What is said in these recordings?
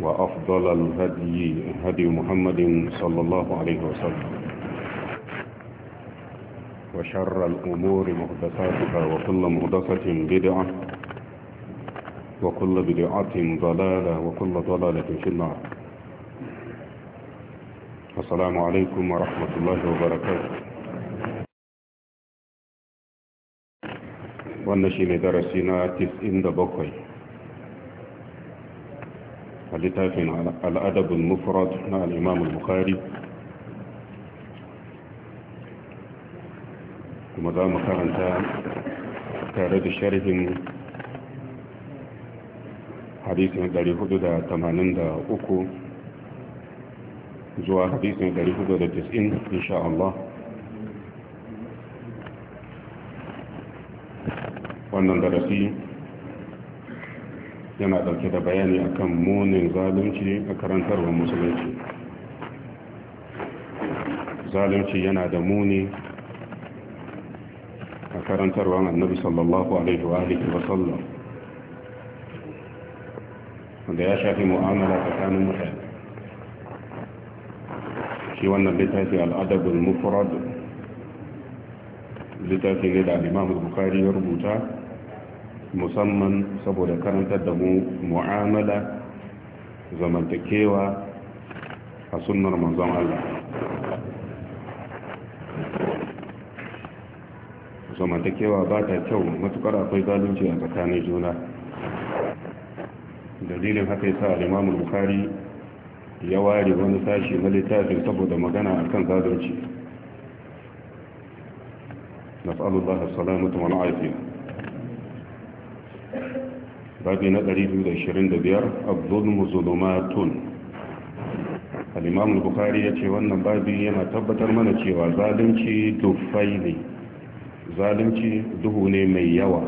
وأفضل الهدي هدي محمد صلى الله عليه وسلم وشر الأمور محدثاتها وكل محدثة بدعة وكل بدعة ضلالة وكل ضلالة في النار السلام عليكم ورحمة الله وبركاته وانا شيني درسينا darasi na a littafin al'adabin mufrad na al'imamul bukari kuma za mu karanta tare da sharhin hadisin 483 zuwa hadisin 490 insha Allah wannan darasi yana dauke da bayani akan munin zalunci a karantarwar musulunci zalunci yana da muni a karantarwar annabi sallallahu alaihi wa alihi wa sallam wanda ya shafi mu'amala tsakanin mutane shi wannan littafi al'adabul mufrad littafi ne da al-imam bukhari ya rubuta musamman saboda karantar da mu mu'amala zamantakewa a sunnar manzon Allah zamantakewa ba ta kyau matukar akwai zalunci a tsakanin juna dalilin haka yasa al-Imam Bukhari ya ware wani sashi na littafin saboda magana akan zalunci نسأل الله السلامة والعافية babi na 225 abdulmu zulumatun al'imam bukari ya ce wannan babi yana tabbatar mana cewa zalunci dufai ne zalunci duhu ne mai yawa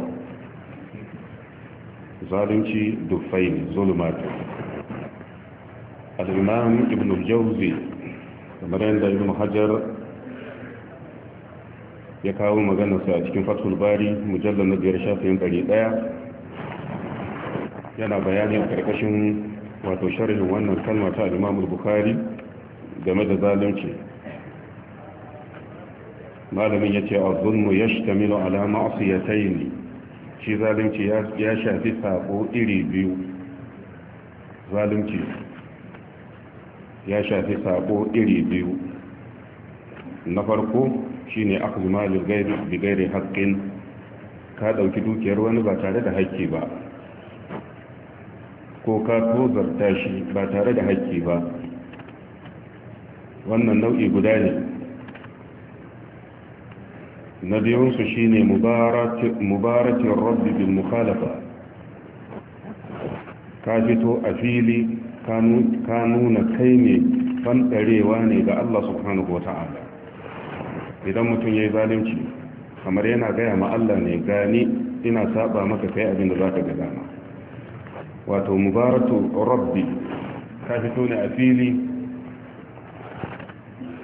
zalunci dufai ne zulumatu al'imam ibn jauzi kamar yadda ibn hajar ya kawo maganarsa a cikin fatul bari mujallar na biyar shafin ɗari ɗaya yana bayani a karkashin wato sharhin wannan kalma ta al bukhari game da zalunci malamin yace az-zulmu yashtamilu ala ma'siyatayn shi zalunci ya shafi sako iri biyu zalunci ya shafi sako iri biyu na farko shine akhdhu malil ghayri bi ghairi haqqin ka dauki dukiyar wani ba tare da haƙƙi ba ko ka tozarta shi ba tare da haƙƙi ba wannan nau'i guda ne na biyunsu shi ne mubaratin rabbi bin mukhalafa ka fito a fili ka nuna kai ne fanɗarewa ne ga Allah subhanahu wa ta'ala idan mutum ya yi zalunci kamar yana gaya ma Allah ne gani ina saba maka kai abin da za ka ga dama wato mubaratu rabbi ka fito ne a fili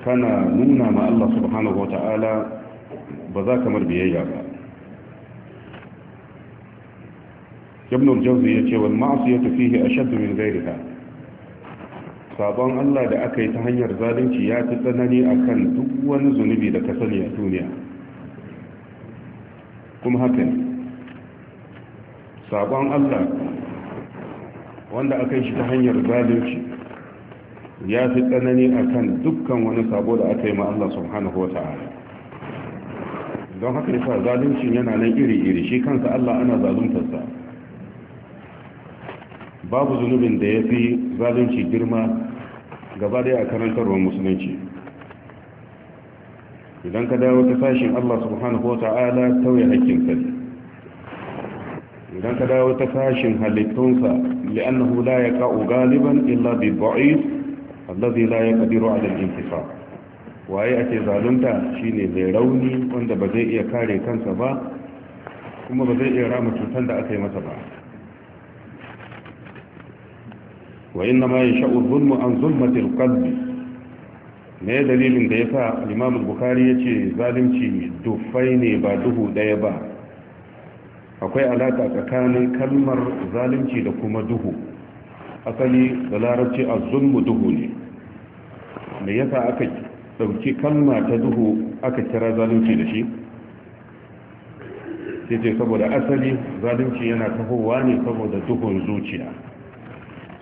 kana nuna ma Allah subhanahu wa ta'ala ba za kamar biyayya ba ibn al-jawzi yace wal ma'siyatu fihi ashadd min ghayriha sabon Allah da aka yi ta hanyar zalunci ya fi tsanani akan duk wani zunubi da ka sani a duniya kuma haka ne sabon Allah wanda aka yi shi ta hanyar zalunci ya fi tsanani akan dukkan wani sabo da aka yi ma Allah subhanahu wa ta'ala don haka yasa zaluncin yana nan iri-iri shi kansa Allah ana zaluntarsa babu zunubin da ya fi zalunci girma gaba daya a karantarwar musulunci idan ka dawo ta sashin Allah subhanahu wa ta'ala tauye hakkin kai idan ka dawo ta sashin halittunsa li'annahu la yaqa'u galiban illa bi da'if allazi la yaqdiru 'ala al-intisab waye ake zalunta shine mai rauni wanda ba zai iya kare kansa ba kuma ba zai iya rama cutar da aka yi masa ba wa inna ma yasha'u an zulmati al-qalbi ne dalilin da yasa al-imam al-bukhari yace zalunci dufai ne ba duhu daya ba akwai alaka tsakanin kalmar zalunci da kuma duhu asali da larabci a zulmu duhu ne me yasa aka dauki kalma ta duhu aka kira zalunci da shi sai ce saboda asali zalunci yana tahowa ne saboda duhun zuciya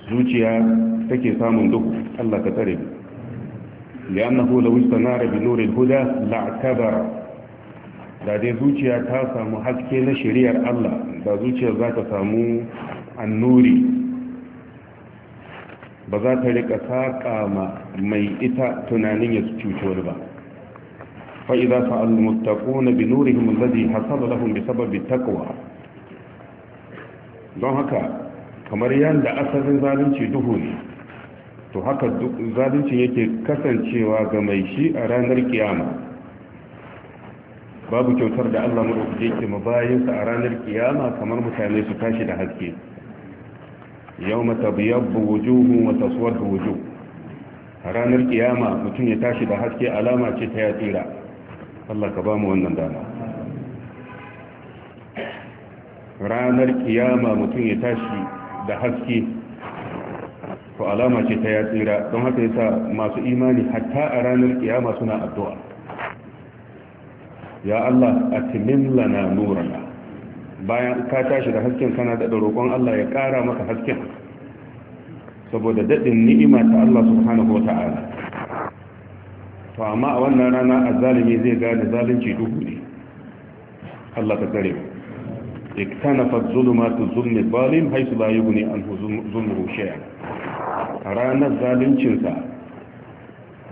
zuciya take samun duhu Allah ka tsare mu li'annahu law istanara bi nuril huda la'tabara da dai zuciya ta samu haske na shari'ar Allah da zuciya za ta samu annuri ba za ta rika saƙa ma mai ita tunanin ya cuci wani ba fa'iza fa'al mustaquna bi nurihim allazi hasala lahum bi sababi taqwa don haka kamar yadda asalin zalunci duhu ne to haka zalunci yake kasancewa ga mai shi a ranar kiyama babu kyautar da Allah madaukake ke mabayinsa a ranar kiyama kamar mutane su tashi da haske yawma tabyabbu wujuhu wa taswaddu wujuh ranar kiyama mutum ya tashi da haske alama ce ta ya tsira Allah ka ba mu wannan dama ranar kiyama mutum ya tashi da haske to alama ce ta ya tsira don haka yasa masu imani hatta a ranar kiyama suna addu'a ya Allah atimin lana nurana bayan ka tashi da hasken kana da roƙon Allah ya ƙara maka hasken saboda daɗin ni'ima ta Allah subhanahu wa ta'ala to amma a wannan rana a zalimi zai gane zalunci duhu ne Allah ta kare mu اكتنفت ظلمات الظلم الظالم حيث لا يغني عنه ظلمه شيئا ranar zaluncinsa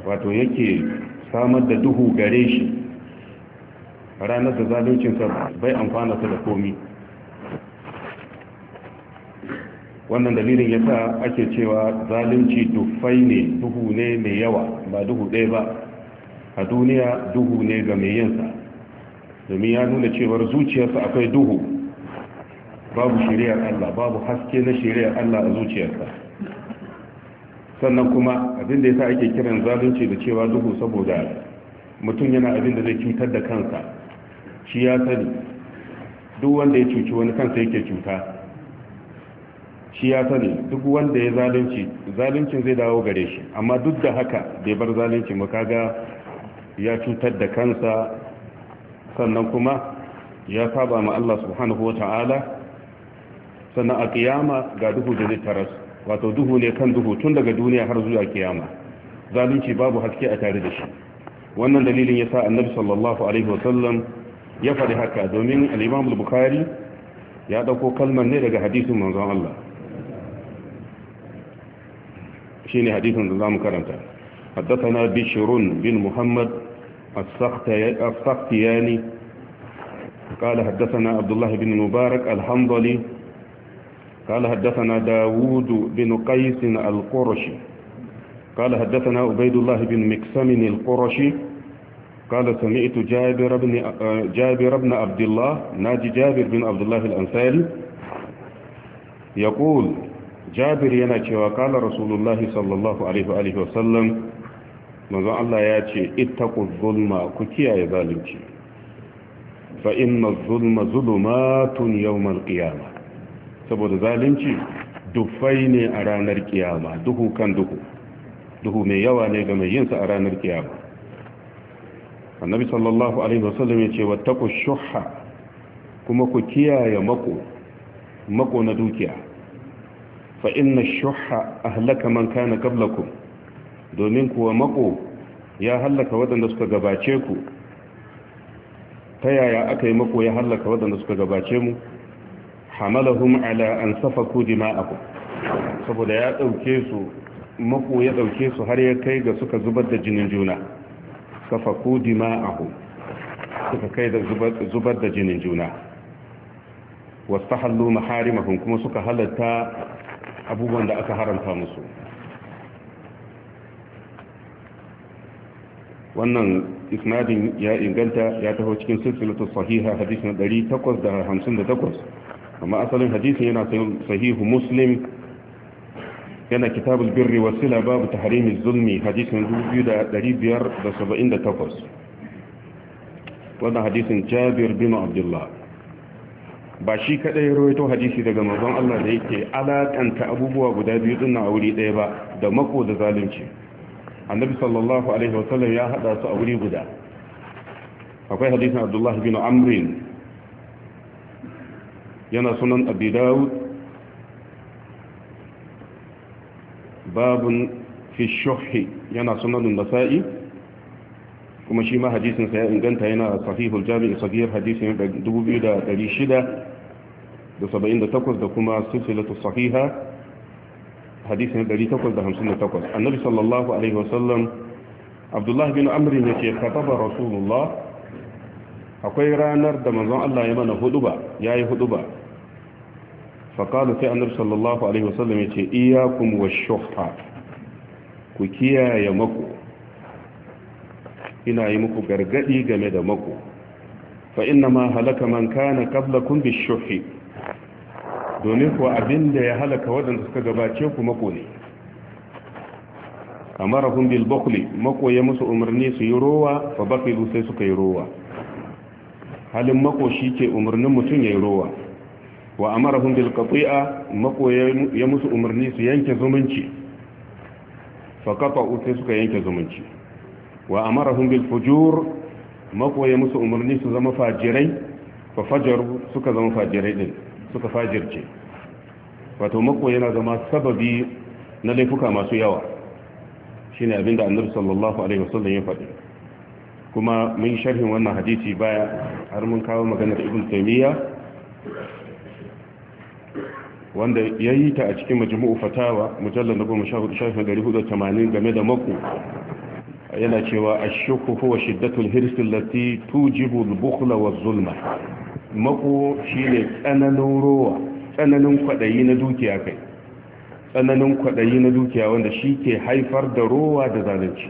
wato yake samar da duhu gare shi ranar da zaluncinsa bai amfana ta da komi wannan dalilin ya yasa ake cewa zalunci dufai ne duhu ne mai yawa ba duhu ɗaya ba a duniya duhu ne ga mai yinsa domin ya nuna cewar zuciyarsa akwai duhu babu shiriyar Allah babu haske na shiriyar Allah a zuciyarsa sannan kuma abin da ya yasa ake kiran zalunci da cewa duhu saboda mutum yana abin da zai cutar da kansa shi ya sani duk wanda ya cuci wani kansa yake cuta shi ya sani duk wanda ya zalunci zaluncin zai dawo gare shi amma duk da haka bai bar zaluncin ba kaga ya cutar da kansa sannan kuma ya saba ma Allah subhanahu wata'ala sannan a kiyama ga duhu da zai taras wato duhu ne kan duhu tun daga duniya har zuwa kiyama zalunci babu haske a tare da shi wannan dalilin yasa annabi sallallahu alaihi wasallam ya faɗi haka domin al'imam bukhari ya ɗauko kalmar ne daga hadisin manzon Allah shi ne hadisin da za mu karanta حدثنا بشرون بن محمد السختياني قال حدثنا عبد الله بن مبارك الحنظلي قال حدثنا داود بن قيس القرشي قال حدثنا عبيد الله بن مكسم القرشي قال سمعت جابر بن جابر بن عبد الله ناجي جابر بن عبد الله الأنصاري يقول جابر yana cewa قال رسول الله صلى الله عليه واله وسلم manzon Allah ya ce ittaqu zulma ku kiyaye zalunci fa inna zulma zulumatun yawmal qiyama saboda zalunci dufai ne a ranar kiyama duhu kan duhu duhu mai yawa ne ga mai yinsa a ranar kiyama annabi sallallahu alaihi wasallam ya ce wattaku shuhha kuma ku kiyaye mako mako na dukiya fa inna shuhha ahlaka man kana qablakum domin kuwa mako ya hallaka waɗanda suka gabace ku ta yaya aka yi mako ya hallaka waɗanda suka gabace mu hamalahum ala an safaku dima'akum saboda ya ɗauke su mako ya ɗauke su har ya kai ga suka zubar da jinin juna fafaku dima'ahu suka kai da zubar da jinin juna wasu hallu maharimahun kuma suka halatta abubuwan da aka haramta musu wannan isnadin ya inganta ya taho cikin silsilatu sahiha hadisin 858 amma asalin hadisin yana sahihu muslim yana kitabul birri wa sila babu tahrimi zulmi hadisin 2578 wannan hadisin Jabir bin Abdullah ba shi ya rawaito hadisi daga manzon Allah da yake alakanta abubuwa guda biyu din a wuri daya ba da mako da zalunci annabi sallallahu alaihi sallam ya hada su a wuri guda akwai hadisin Abdullah bin Amr yana sunan Abi Dawud babun fi yana sunanun nasa'i kuma shi ma hadisin ya inganta yana sahihul jami'i sahih hadisin 2678 da kuma silsilatu sahiha hadisin 858 annabi sallallahu alaihi wasallam abdullah bin Amri ya ce kataba rasulullah akwai ranar da manzon Allah ya mana huduba yayi huduba faƙalu sai annabi sallallahu alaihi wasallam ya ce iyakum wa ku kiyaye mako ina yi muku gargadi game da mako fa inna ma halaka man kana qablakum bishuhhi domin kuwa abinda ya halaka waɗanda suka gabace ku mako ne amarahum bil bukhli mako ya musu umarni su yi rowa fa baqilu sai suka yi rowa halin mako shi ke umarnin mutum ya yi rowa wa amarahum bil qati'a mako ya musu umarni su yanke zumunci fa qata'u sai suka yanke zumunci wa amarahum bil fujur mako ya musu umarni su zama fajirai fa fajaru suka zama fajirai din suka fajirce wato mako yana zama sababi na laifuka masu yawa shine abinda annabi sallallahu alaihi wasallam ya faɗi kuma mun sharhin wannan hadisi baya har mun kawo maganar ibn taymiya wanda ya yi ta a cikin majimu'u fatawa mujallar na goma shafin hudu tamanin game da mako yana cewa a shukku huwa shiddatul hirsin lati tujibu bukula wa zulma mako ne tsananin rowa tsananin kwaɗayi na dukiya kai tsananin kwaɗayi na dukiya wanda shi ke haifar da rowa da zalunci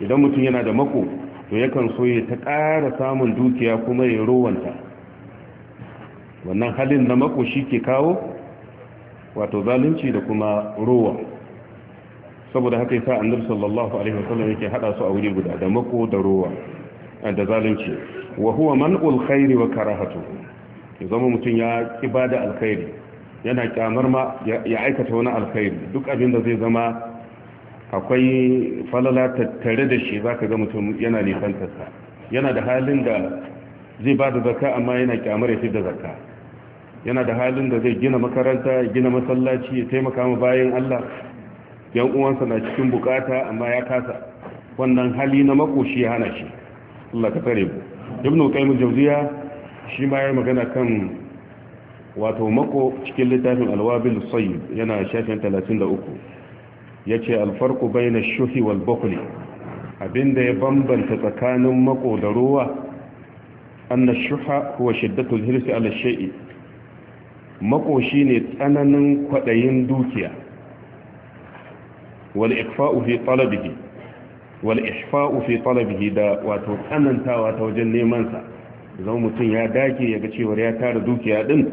idan mutum yana da mako to yakan so ya ta ƙara samun dukiya kuma ya rowanta wannan halin na mako shi ke kawo wato zalunci da kuma rowa saboda haka yasa annabi sallallahu alaihi wasallam yake hada su a wuri guda da mako da rowa da zalunci wa huwa man'ul khairi wa karahatu ya zama mutum ya ibada alkhairi yana kyamar ma ya aikata wani alkhairi duk abin da zai zama akwai falala tattare da shi zaka ga mutum yana nisantarsa yana da halin da zai ba da zakka amma yana kyamar ya fi da zakka yana da halin da zai gina makaranta ya gina masallaci ya taimaka ma bayan Allah yan uwansa na cikin bukata amma ya kasa wannan hali na makoshi ya hana shi Allah ka tare mu ibn qayyim jawziya shi ma ya magana kan wato mako cikin littafin alwabil sayyid yana shafin 33 yace farqu bayna ash-shuhi wal bukhli abinda ya bambanta tsakanin mako da ruwa anna ash-shuha huwa al hirsi ala shay'i makoshi ne tsananin kwaɗayin dukiya wal fi talabihi da wato tsanantawa ta wajen neman sa zama mutum ya dake ya ga cewa ya tara dukiya din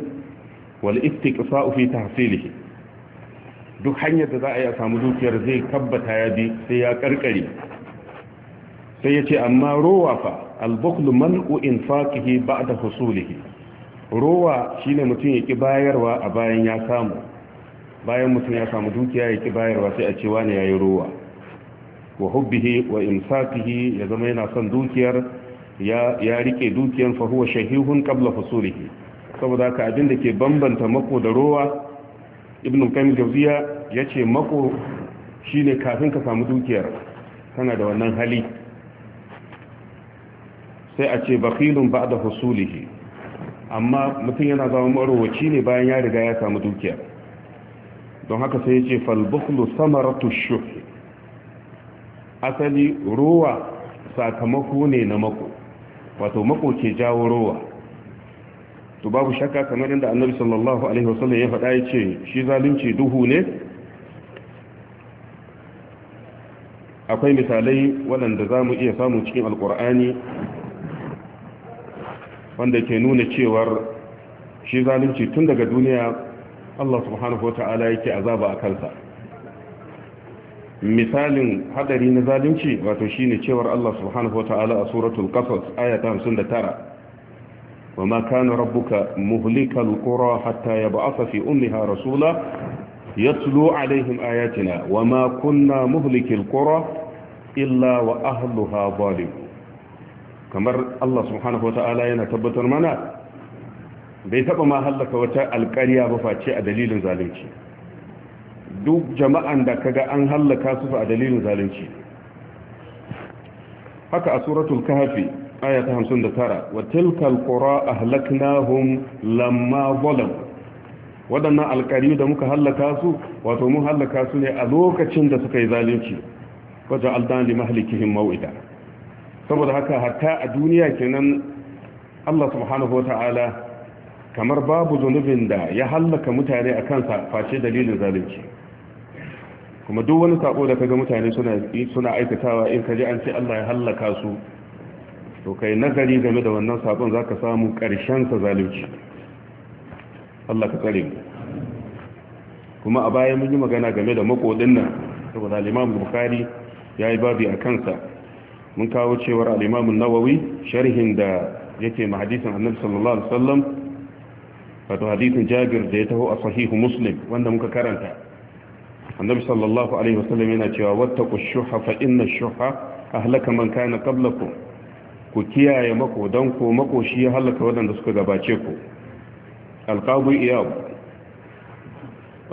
wal istiqsa'u fi tahsilihi duk hanyar da za a yi a samu dukiyar zai tabbata ya bi sai ya karkare sai ya ce amma rowa fa al-bukhlu man'u infaqihi ba'da husulihi rowa shine mutum ya bayarwa a bayan ya samu bayan mutum ya samu dukiya ya ki bayarwa sai a ce wani yayi rowa wa hubbihi wa imsakihi ya zama yana son dukiyar ya ya rike dukiyar fa huwa shahihun qabla fusulihi saboda ka abin da ke bambanta mako da rowa ibnu qayyim jawziya yace mako shine kafin ka samu dukiyar kana da wannan hali sai a ce bakhilun ba'da husulihi amma mutum yana zama marowaci ne bayan ya riga ya samu dukiya don haka sai ya ce falbukhlu samaratu shuhi asali ruwa sakamako ne na mako wato mako ke jawo ruwa to babu shakka kamar inda annabi sallallahu alaihi wasallam ya faɗa ya ce shi zalunci duhu ne akwai misalai waɗanda za mu iya samu cikin Alkur'ani? wanda ke nuna cewar shi zalunci tun daga duniya Allah subhanahu wa ta'ala yake azaba a kansa misalin hadari na zalunci wato shine cewar Allah subhanahu wa ta'ala a suratul qasas ayata 59 wa ma kana rabbuka muhlikal qura hatta yab'atha fi ummiha rasula yatlu alaihim ayatina wa ma kunna muhlikil qura illa wa ahluha zalimun kamar Allah subhanahu wa ta'ala yana tabbatar mana bai taba ma hallaka wata alƙarya ba face a dalilin zalunci duk jama'an da kaga an hallaka su a dalilin zalunci haka a suratul kahfi aya ta 59 wa tilkal qura ahlaknahum lamma zalam wadannan alƙaryu da muka hallaka su wato mun hallaka su ne a lokacin da suka yi zalunci wajen aldan li mahlikihim mau'ida saboda haka hatta a duniya kenan Allah subhanahu wa kamar babu zunubin da ya hallaka mutane a kansa face dalilin zalunci kuma duk wani sako da kaga mutane suna aikatawa in kaji an ce Allah ya hallaka su to kai nazari game da wannan sakon zaka samu karshen sa zalunci Allah ka tsare kuma a bayan mun yi magana game da makodin nan saboda al-Imam Bukhari yayi babi a kansa mun kawo cewar al'imamun nawawi sharhin da yake ma hadisin annabi sallallahu alaihi wasallam wato hadisin jabir da ya taho a sahihu muslim wanda muka karanta annabi sallallahu alaihi wasallam yana cewa wattaqu shuha fa inna shuha ahlaka man kana qablakum ku kiyaye mako makodan ku makoshi ya halaka wadanda suka gabace ku alqabu iyab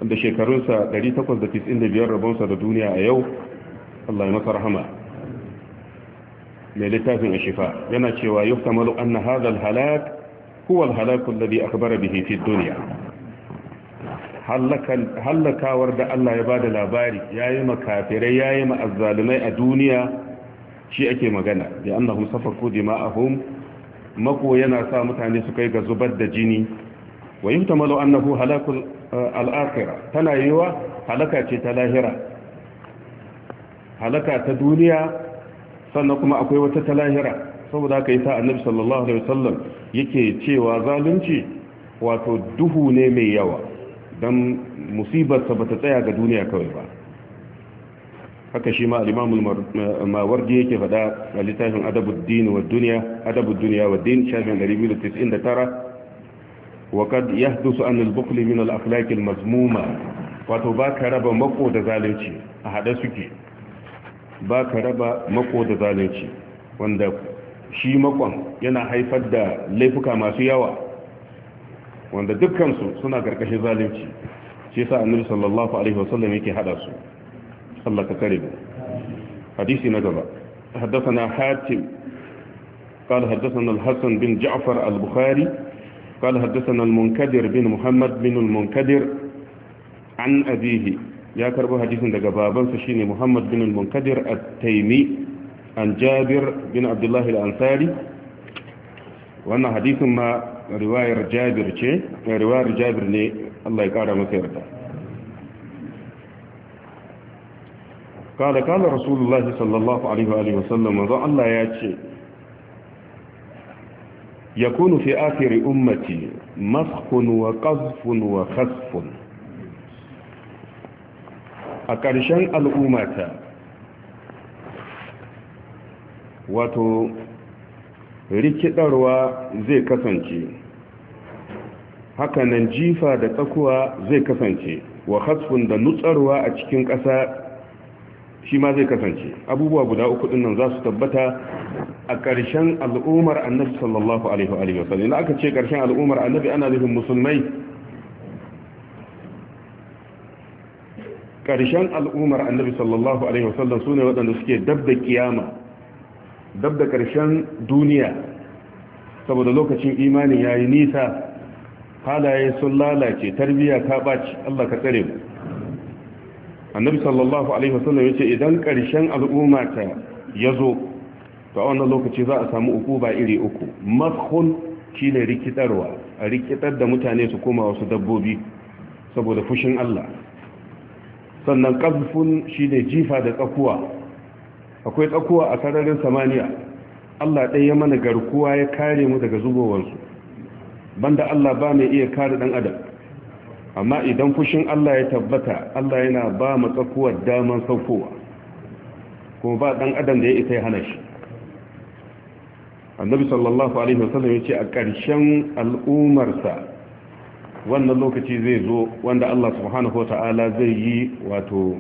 wanda shekarunsa 895 rabonsa da duniya a yau Allah ya masa rahama mai littafin ashifa yana cewa yuhtamalu anna hadha al-halak huwa al-halak alladhi akhbara bihi fi hallakawar da Allah ya bada labari yayi makafirai yayi ma'azzalimai a duniya shi ake magana bi annahum safaku dima'ahum mako yana sa mutane su kai ga zubar da jini wa yuhtamalu annahu halakul eh, al tana yiwa halaka ce ta lahira halaka ta duniya sannan kuma akwai wata ta lahira saboda haka yasa annabi sallallahu alaihi wasallam yake cewa zalunci wato duhu ne mai yawa dan musibar sa bata tsaya ga duniya kawai ba haka shi ma al-imam al-mawardi yake faɗa a littafin adabuddin wa dunya adabuddin wa din shafin 299 وقد يحدث عن البخل من الأخلاق المذمومة wato ba ka raba mako da zalunci a haɗe suke ba ka raba mako da zalunci wanda shi makon yana haifar da laifuka masu yawa wanda dukkansu suna karkashin zalunci shi yasa annabi sallallahu alaihi wasallam yake hada su sallaka kare mu hadisi na gaba حدثنا حاتم قال حدثنا الحسن بن جعفر البخاري قال حدثنا المنكدر بن محمد بن المنكدر عن أبيه ya karbo hadisin daga babansa shine Muhammad bin al-Munkadir at-Taymi an Jabir bin Abdullah al-Ansari wannan hadisin ma riwayar Jabir ce eh, riwayar Jabir ne Allah ya kara masa yarda قال قال رسول الله صلى الله عليه وآله وسلم وضع الله ياتي يكون في آخر wa مسخ wa وخسف a ƙarshen al'ummata wato rikidarwa zai kasance hakanan jifa da tsakuwa zai kasance wa hasfin da nutsarwa a cikin ƙasa shi ma zai kasance abubuwa guda uku dinnan za su tabbata a ƙarshen al'ummar annabi sallallahu alaihi wa aka ce ƙarshen al'ummar annabi ana nufin musulmai ƙarshen al'ummar annabi sallallahu alaihi wasallam su ne waɗanda suke dab da kiyama dab da ƙarshen duniya saboda lokacin imani ya yi nisa halaye sun lalace tarbiyya ta ɓaci allah ka tsare mu annabi sallallahu alaihi wasallam ya ce idan ƙarshen al'umma ta ya zo to a wannan lokaci za a samu uku ba iri uku mafhul shine rikitarwa a rikitar da mutane su koma wasu dabbobi saboda fushin allah sannan ƙazfun shi ne jifa da tsakuwa akwai tsakuwa a sararin samaniya allah ɗaya mana garkuwa ya kare mu daga zubowarsu banda allah ba mai iya kare ɗan adam amma idan fushin allah ya tabbata allah yana ba mu tsakuwar daman saukowa kuma ba ɗan adam da ya isa ya hana shi annabi sallallahu alaihi wasallam ya ce a ƙarshen al'ummarsa. wannan lokaci zai zo wanda Allah subhanahu wata'ala zai yi wato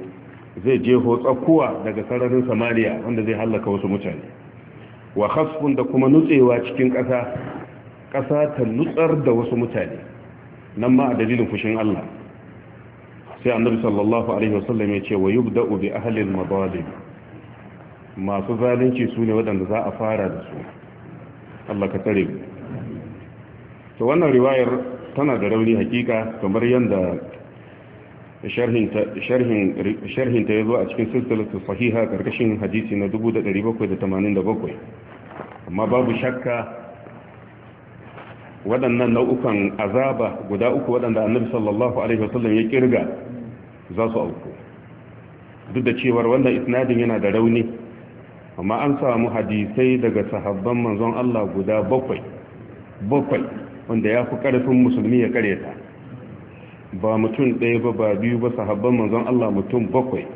zai jeho tsakuwa daga sararin samariya wanda zai hallaka wasu mutane wa khasfun da kuma nutsewa cikin ƙasa ƙasa ta nutsar da wasu mutane nan ma a dalilin fushin Allah sai annabi sallallahu alaihi wasallam ya ce wa yubda'u bi ahli al-madalim masu zalunci su ne waɗanda za a fara da su Allah ka tsare to wannan riwayar tana da rauni hakika kamar yadda sharhinta ya zo a cikin silsilatu sahiha karkashin hadisi na 1787 amma babu shakka waɗannan nau'ukan azaba guda uku waɗanda annabi sallallahu alaihi wasallam ya kirga za su auku duk da cewar wanda isnadin yana da rauni amma an samu hadisai daga sahabban manzon Allah guda bakwai wanda ya fi ƙarfin musulmi ya karyata ba mutum ɗaya ba ba biyu ba sahabban manzon Allah mutum bakwai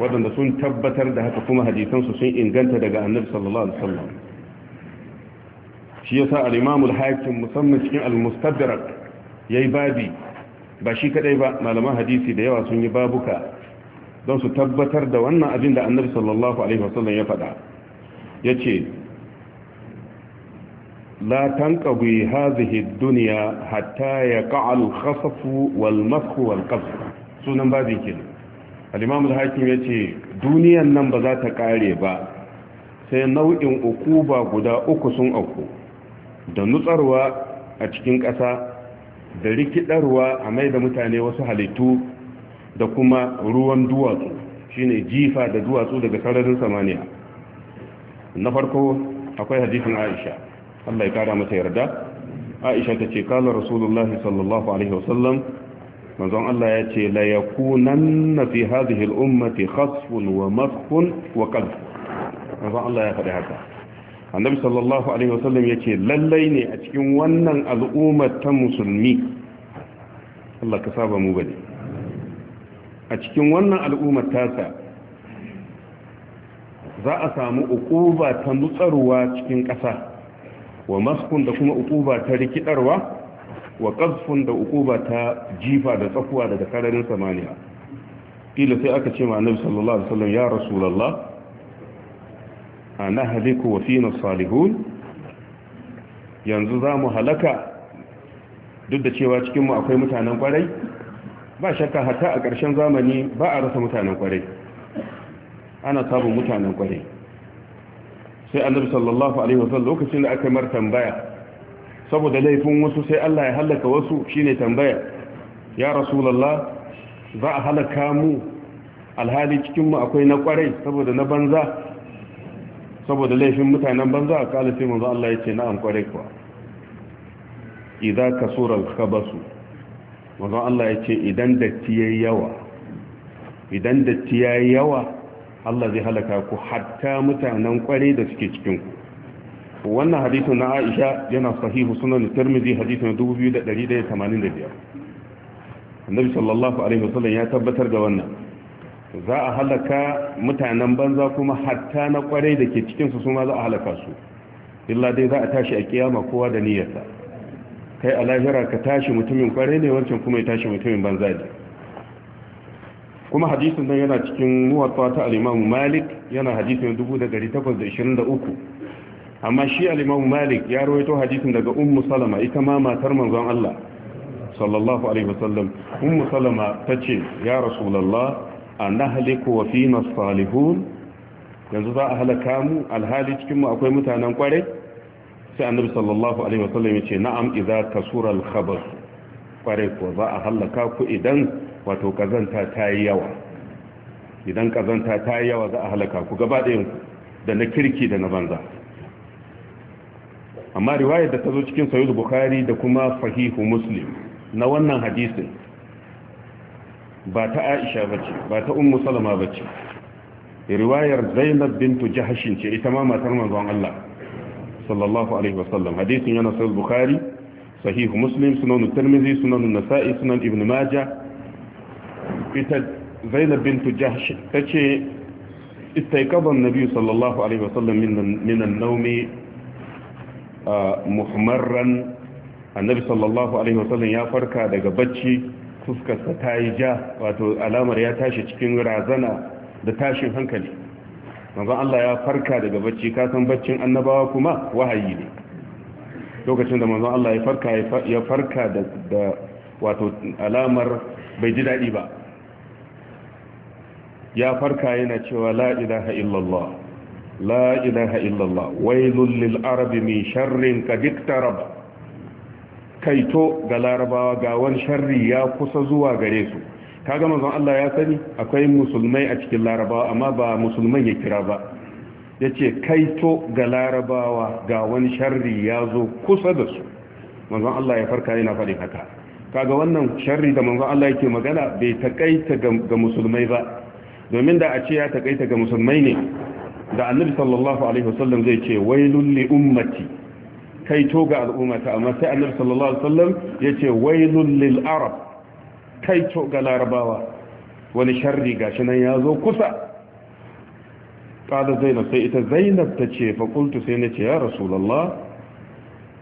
waɗanda sun tabbatar da haka kuma hadisansu sun inganta daga annabi sallallahu alaihi wasallam shi yasa al-Imam al-Hakim musamman cikin al-Mustadrak yayi babi ba shi kadai ba malaman hadisi da yawa sun yi babuka don su tabbatar da wannan abin da annabi sallallahu alaihi wasallam ya faɗa yace la tanqabi hadhihi ad-dunya hatta yaqa al-khasf sunan babu kenan al-imam al-hakim yace duniyan nan ba za ta kare ba sai nau'in ukuba guda uku sun auku da nutsarwa a cikin ƙasa da rikidarwa a mai da mutane wasu halittu da kuma ruwan duwatsu shine jifa da duwatsu daga sararin samaniya na farko akwai hadisin aisha Allah ya kara mata yarda Aisha ta ce kala Rasulullahi sallallahu alaihi wasallam manzon Allah ya ce la yakunanna fi hadhihi al-ummati khasfun wa mafhun wa qalb manzon Allah ya faɗi haka Annabi sallallahu alaihi wasallam ya ce lallai ne a cikin wannan al'ummar ta musulmi Allah ka saba mu bane a cikin wannan al'ummar tasa za a samu ukuba ta nutsarwa cikin ƙasa wa maskun da kuma ukuba ta rikidarwa wa qazfun da ukuba ta jifa da tsakuwa daga kararin samaniya kila sai aka ce ma annabi sallallahu alaihi wasallam ya rasulullah ana haliku wa fina salihun yanzu za mu halaka duk da cewa cikinmu akwai mutanen kwarai ba shakka hatta a ƙarshen zamani ba a rasa mutanen kwarai ana sabon mutanen kwarai sai annabi sallallahu alaihi wasallam lokacin da aka mar tambaya saboda laifin wasu sai Allah ya halaka wasu shine tambaya ya rasulullah za a halaka mu alhali cikin mu akwai na kwarai saboda na banza saboda laifin mutanen banza kala sai manzo Allah yace na'am kwarai kuwa idza kasura al-khabasu manzo Allah yace idan datti yayi yawa idan datti yayi yawa Allah zai halaka ku hatta mutanen kware da suke cikin ku wannan hadisi na Aisha yana sahihu sunan Tirmidhi hadisi na 2185 Annabi sallallahu alaihi wasallam ya tabbatar da wannan za a halaka mutanen banza kuma hatta na kware da ke cikin su ma za a halaka su illa dai za a tashi a kiyama kowa da niyyarsa kai a lahira ka tashi mutumin kware ne wancan kuma ya tashi mutumin banza ne kuma hadisin nan yana cikin muwatta ta al-Imam Malik yana hadisin 1823 amma shi al-Imam Malik ya rawaito hadisin daga Ummu Salama ita ma matar manzon Allah sallallahu alaihi wasallam Ummu Salama tace ya Rasulullah anahliku wa fina salihun yanzu za a halaka mu alhali cikin mu akwai mutanen kware sai annabi sallallahu alaihi wasallam yace na'am idza kasura al-khabar kware ko za a halaka ku idan wato kazanta ta yi yawa idan kazanta ta yi yawa za a halaka ku gaba ɗayan da na kirki da na banza amma riwayar da ta zo cikin Sayyid bukhari da kuma fahihu muslim na wannan hadisin ba ta aisha bace ba ta ummu salama bace riwayar zainab bintu jahashin ce ita ma matar manzon Allah sallallahu alaihi wasallam hadisin yana sahih bukhari sahih muslim sunan tirmidhi sunan nasa'i sunan ibn majah ita zainab bintu jahsh tace istaykaba annabi sallallahu alaihi wa min min an-nawmi muhmarran annabi sallallahu alaihi wasallam ya farka daga bacci fuskarsa ta yi ja wato alamar ya tashi cikin razana da tashin hankali manzon Allah ya farka daga bacci ka san baccin annabawa kuma wahayi ne lokacin da manzon Allah ya farka ya farka da wato alamar bai ji daɗi ba ya farka yana cewa la ilaha illallah la illallah wailul lil arabi min sharrin qad iktarab kaito ga larabawa ga wani sharri ya kusa zuwa gare su kaga manzon Allah ya sani akwai musulmai a cikin larabawa amma ba musulman ya kira ba yace kaito ga larabawa ga wani sharri ya zo kusa da su manzon Allah ya farka yana faɗin haka kaga wannan sharri da manzon Allah yake magana bai taƙaita ga musulmai ba domin da a ce ya takaita ga musulmai ne da annabi sallallahu alaihi wasallam zai ce wailul li ummati kai to ga al'ummata amma sai annabi sallallahu alaihi wasallam ya ce wailul lil arab kai to ga larabawa wani sharri gashi nan ya zo kusa qala zainab sai ita zainab ta ce fa qultu sai na ce ya rasulullah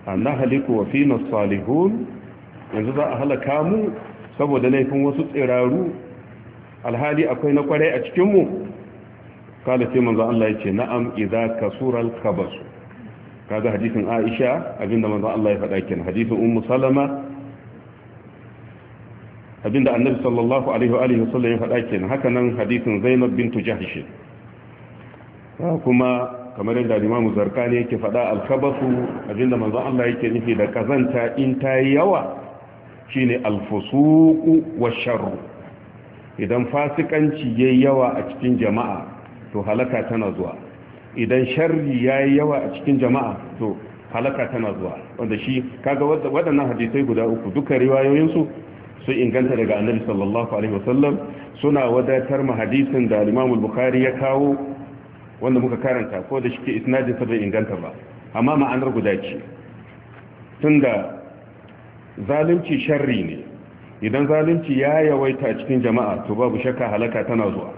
anna haliku wa fina salihun yanzu za a halaka mu saboda laifin wasu tsiraru alhali akwai na kwarai a cikinmu kala sai manzo Allah ya ce na'am idza kasural khabas kaga hadisin Aisha abinda manzo Allah ya faɗa kenan hadisin Ummu Salama abinda Annabi sallallahu alaihi wa alihi wasallam ya faɗa kenan haka nan hadisin Zainab bintu Jahsh kuma kamar yadda Imam Zarkani yake faɗa al-khabasu abinda manzo Allah yake nufi da kazanta in ta yawa shine al-fusuqu wash-sharru idan fasikanci yayi yawa a cikin jama'a to halaka tana zuwa idan sharri yayi yawa a cikin jama'a to halaka tana zuwa wanda shi kaga waɗannan hadisai guda uku duka riwayoyinsu sun inganta daga annabi sallallahu alaihi wasallam suna wadatar ma hadisin da imam bukhari ya kawo wanda muka karanta ko da shike isnadin sa bai inganta ba amma ma'anar guda ce tunda zalunci sharri ne idan zalunci ya yawaita a cikin jama'a to babu shakka halaka tana zuwa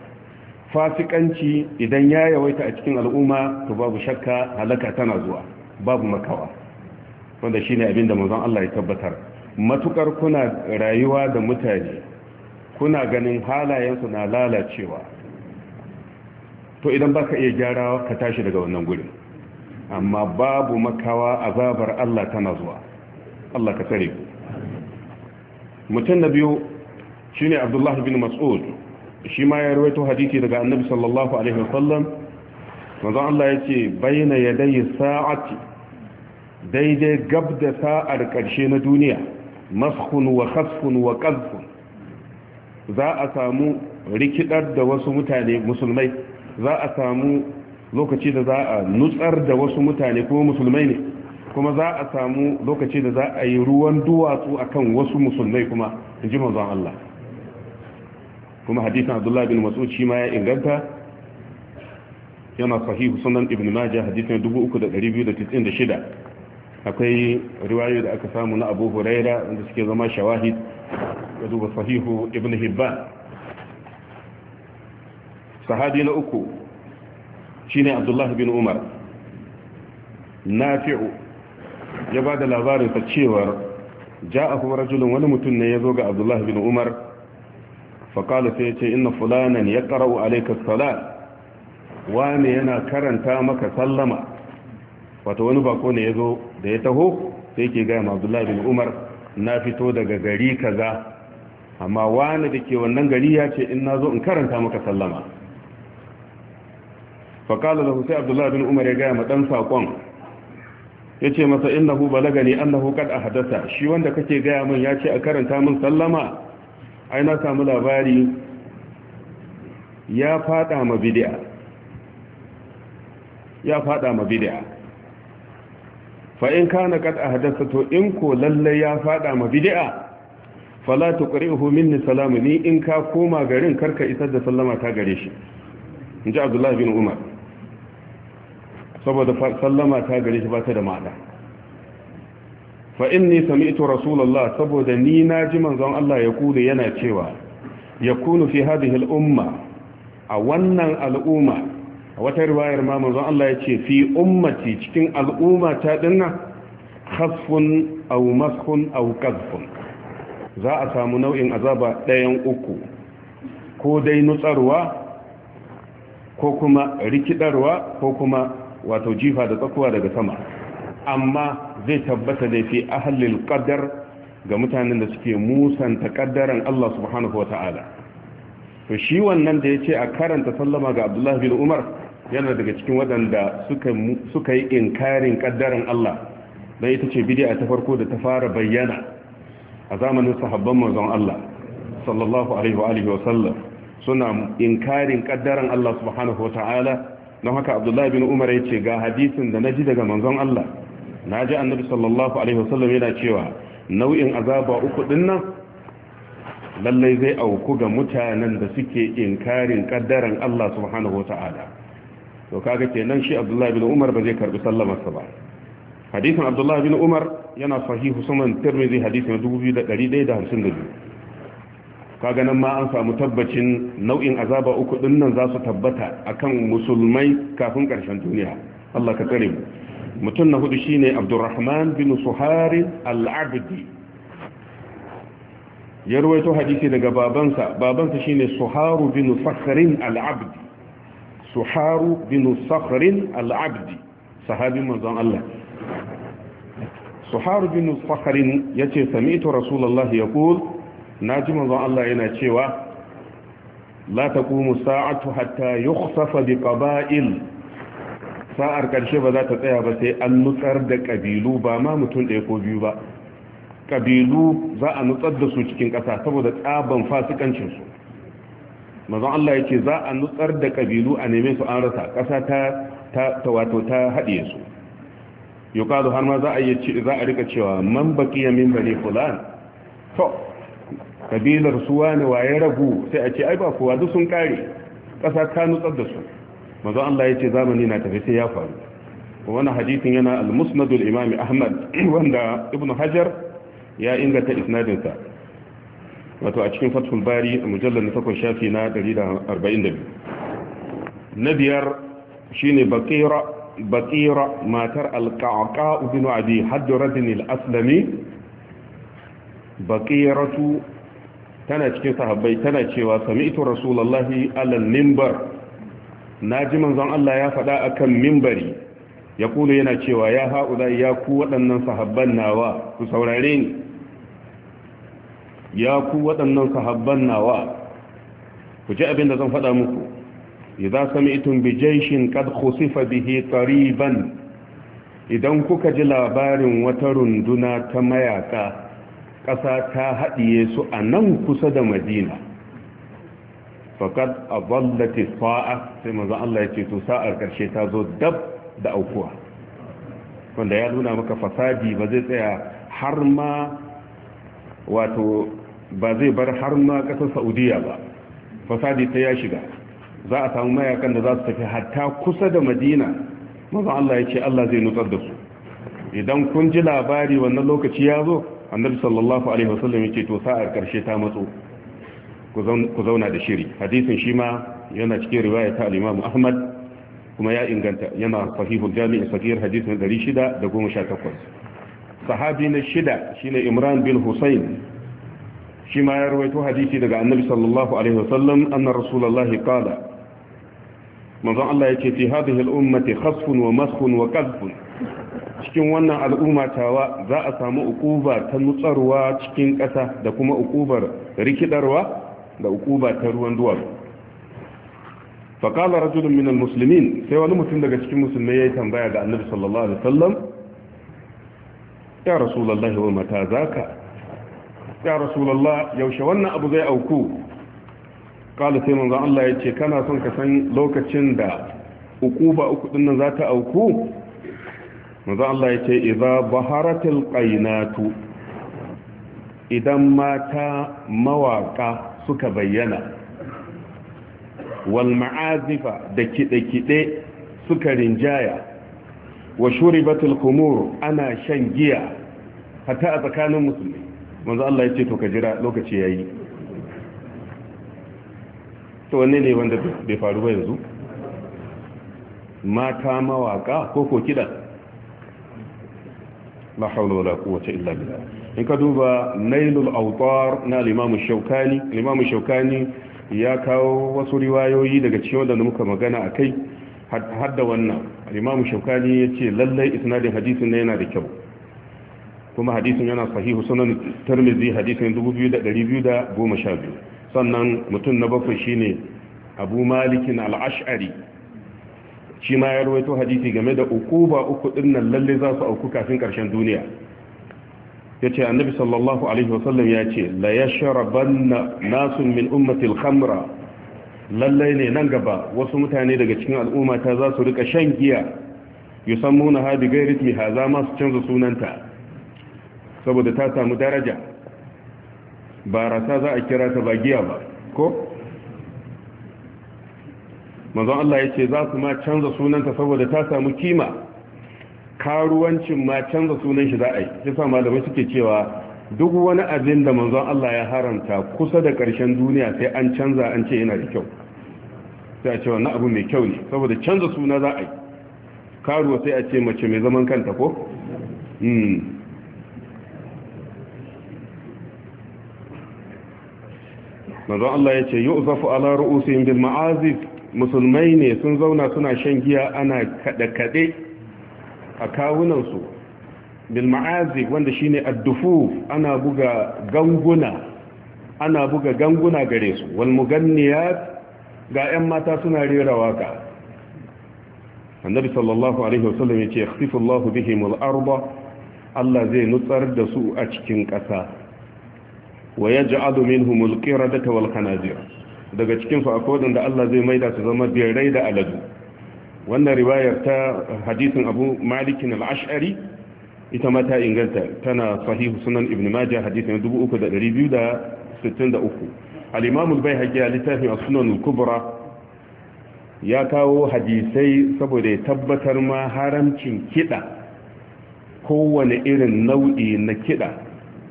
fasikanci idan ya yawaita a cikin al'umma to babu shakka halaka tana zuwa babu makawa wanda shine abin da manzon Allah ya tabbatar matukar kuna rayuwa da mutane kuna ganin halayensu na lalacewa to idan baka iya gyarawa ka tashi daga wannan guri amma babu makawa azabar Allah tana zuwa Allah ka tsare ku mutum na biyu shine abdullahi bin mas'ud shi ma ya rawaito hadithi daga annabi sallallahu alaihi wasallam manzon Allah yace bayna yadayi sa'ati daidai gab da sa'ar karshe na duniya maskhun wa khasfun wa qazfun za a samu rikidar da wasu mutane musulmai za a samu lokaci da za a nutsar da wasu mutane kuma musulmai ne kuma za a samu lokaci da za a yi ruwan duwatsu akan wasu musulmai kuma in ji manzon Allah kuma hadisin Abdullah bin Mas'ud shi ma ya inganta yana sahihu sunan Ibn Majah hadisin 3296 akwai riwayoyi da aka samu na Abu Huraira wanda suke zama shawahid da duba sahihu Ibn Hibban sahabi na uku shine Abdullah bin Umar nafi'u ya ba da labarinsa cewar kuma rajulun wani mutum ne ya zo ga abdullahi bin umar faƙala sai ya ce ina fulanan ya ƙara'u alaika salat wane yana karanta maka sallama wata wani bako ne ya zo da ya taho sai ke gaya ma abdullahi bin umar na fito daga gari kaza amma wane da ke wannan gari ya ce in na zo in karanta maka sallama faƙala da sai abdullahi bin umar ya gaya ma ɗan saƙon ya ce masa innahu balagani annahu qad ahdatha shi wanda kake gaya min ya ce a karanta min sallama ai na samu labari ya fada ma bid'a ya fada ma bid'a fa in kana to in ko lalle ya fada ma bid'a fala tuqrihu minni salamu ni in ka koma garin karka isar da sallama ta gare shi inji abdullahi bin umar saboda sallama ta gare shi ba ta da ma'ana fa inni sami'tu rasulullah saboda ni na ji manzon Allah ya kudu yana cewa yakunu fi hadhihi al-umma a wannan al'umma a wata riwayar ma manzon Allah ya ce fi ummati cikin al'umma ta dinna khasfun aw mashun aw qadfun za a samu nau'in azaba ɗayan uku ko dai nutsarwa ko kuma rikidarwa ko kuma wato jifa da tsakuwa daga sama amma zai tabbata da fi ahlil qadar ga mutanen da suke musanta kaddaran Allah subhanahu wata'ala to shi wannan da yace a karanta sallama ga Abdullah bin Umar yana daga cikin waɗanda suka suka yi inkarin kaddaran Allah dan ita ce bid'a ta farko da ta fara bayyana a zamanin sahabban manzon Allah sallallahu alaihi wa alihi wa sallam suna inkarin kaddaran Allah subhanahu wata'ala don haka abdullahi bin umar ya ce ga hadisin da na ji daga manzon Allah na ji annabi sallallahu alaihi wasallam yana cewa nau'in azaba uku din nan lallai zai auku ga mutanen da suke inkarin kaddaran Allah subhanahu wata'ala to kaga kenan shi abdullahi bin umar ba zai karbi sallamarsa ba hadisin abdullahi bin umar yana sahihu sunan tirmidhi hadisi na 2152 kaga nan ma an samu tabbacin nau'in azaba uku din nan za su tabbata akan musulmai kafin karshen duniya Allah ka tsare mu mutum na hudu shine Abdurrahman bin Suhari al-Abdi ya ruwaito hadisi daga babansa babansa shine Suharu bin Sakhrin al-Abdi Suharu bin Sakhrin al-Abdi sahabin manzon Allah Suharu bin Sakhrin yace sami'tu Rasulullahi yaqul na ji manzon Allah yana cewa la taqumu sa'atu hatta yukhsafa bi qaba'il sa'ar karshe ba za ta tsaya ba sai an nutsar da kabilu ba ma mutum ɗaya ko biyu ba ƙabilu za a nutsar da su cikin ƙasa saboda tsaban fasikancin su manzon Allah yake za a nutsar da kabilu a neme su an rasa ƙasa ta ta wato ta haɗiye su yuqalu har ma za a yi za a rika cewa man baqiya min bani fulan to kabilar suwa ne waye ragu sai a ce ai ba kowa duk sun kare ƙasa ta nutsar da su mazu Allah ya ce zamani na tafi sai ya faru wani hadisin yana al-musnadul imami ahmad wanda ibnu hajar ya inganta isnadinsa wato a cikin fathul bari a mujallar na takwas shafi na 142 na biyar shine bakira bakira matar alƙaƙa ibn abi haddaradin al-aslami bakiratu tana cikin sahabbai tana cewa sami'tu rasulullahi alal minbar naji manzon Allah ya faɗa akan minbari ya kulu yana cewa ya haula ya ku waɗannan sahabban nawa ku saurare ni ya ku waɗannan sahabban nawa ku ji abin da zan faɗa muku idan sami'tum bi jayshin qad khusifa bihi qariban idan kuka ji labarin wata runduna ta mayaka ƙasa ta haɗiye su a nan kusa da madina fakat a ballati sa'a sai mazan Allah ya ce to sa'ar ƙarshe ta zo dab da aukuwa wanda ya nuna maka fasadi ba zai tsaya har ma wato ba zai bar har ma ƙasar saudiya ba fasadi ta ya shiga za a samu mayakan da za su tafi hatta kusa da madina mazan Allah ya ce Allah zai nutsar da su idan kun ji labari wannan lokaci ya zo annabi sallallahu alaihi wasallam yake to sa'ar karshe ta matso ku zauna da shiri hadisin shi ma yana cikin riwaya ta al-Imam Ahmad kuma ya inganta yana sahihul jami'i sahih hadisin 618 sahabi na shida shine Imran bin Husayn shi ma ya rawaito hadisi daga annabi sallallahu alaihi wasallam anna rasulullahi qala manzon Allah yake fi hadhihi al-ummati khasfun wa maskhun wa qadhfun cikin wannan al'umma tawa za a samu ukuba ta nutsarwa cikin ƙasa da kuma ukubar rikidarwa da ukuba ta ruwan duwatsu faƙalar rajulun minal musulmin sai wani mutum daga cikin musulmi ya yi tambaya ga annabi sallallahu alaihi wasallam ya rasulallah wa mata zaka ya rasulallah yaushe wannan abu zai auku kala sai manzon Allah ya ce kana son ka san lokacin da ukuba uku dinnan za ta auku manzo Allah ya ce idza baharatil qainatu idan mata mawaka suka bayyana wal ma'azifa da kide-kide suka rinjaya wa shuribatul khumur ana shan giya hatta a tsakanin musulmi manzo Allah ya ce to ka jira lokaci yayi to wanne ne wanda bai faru ba yanzu mata mawaka ko ko kidan in ka duba nailul awtar na al-imam shaukani ya kawo wasu riwayoyi daga cikin wanda muka magana a kai da wannan al-imam shaukani yace lallai isnadin hadisin ne yana da kyau kuma hadisin yana sahihu sunan tirmidhi hadisin 2212 sannan mutum na bakwai shine abu al-ash'ari shi ma ya rawaito hadisi game da ukuba uku din nan lalle za su auku kafin karshen duniya yace annabi sallallahu alaihi wasallam ya ce la yashrabanna nasun min ummati al-khamra lalle ne nan gaba wasu mutane daga cikin al'umma ta za su rika shan giya yusammuna ha bi ghairi ismi haza ma su canza sunanta saboda ta samu daraja barasa za a kira ta ba giya ba ko manzon Allah ya ce za su ma canza sunanta saboda ta samu kima karuwancin ma canza sunan shi za a yi kisa malamai suke cewa duk wani abin da manzon Allah ya haramta kusa da ƙarshen duniya sai an canza an ce yana da kyau sai a ce wannan abu mai kyau ne saboda canza suna za a yi karuwa sai a ce mace mai zaman kanta ko hmm. manzon Allah ya ce yi ala ru'usin bil ma'azif musulmai ne sun zauna suna shan giya ana kaɗe-kaɗe a kawunansu bilma'azi wanda shine addufu ana buga ganguna ana buga ganguna gare su walmuganniyat ga 'yan mata suna rera waka annabi sallallahu alaihi wasallam yace yakhsifullahu bihim al-arda Allah zai nutsar da su a cikin ƙasa wa yaj'alu minhum al-qiradata wal khanazir daga cikinsu a kodin da Allah zai maida su zama birrai da aladu wannan riwayar ta hadisin abu malikin al'ashari ita mata inganta tana sahihu sunan ibn majah hadisin 3263 al-imam al-baihaqi a littafin a sunan al-kubra ya kawo hadisai saboda ya tabbatar ma haramcin kida kowane irin nau'i na kiɗa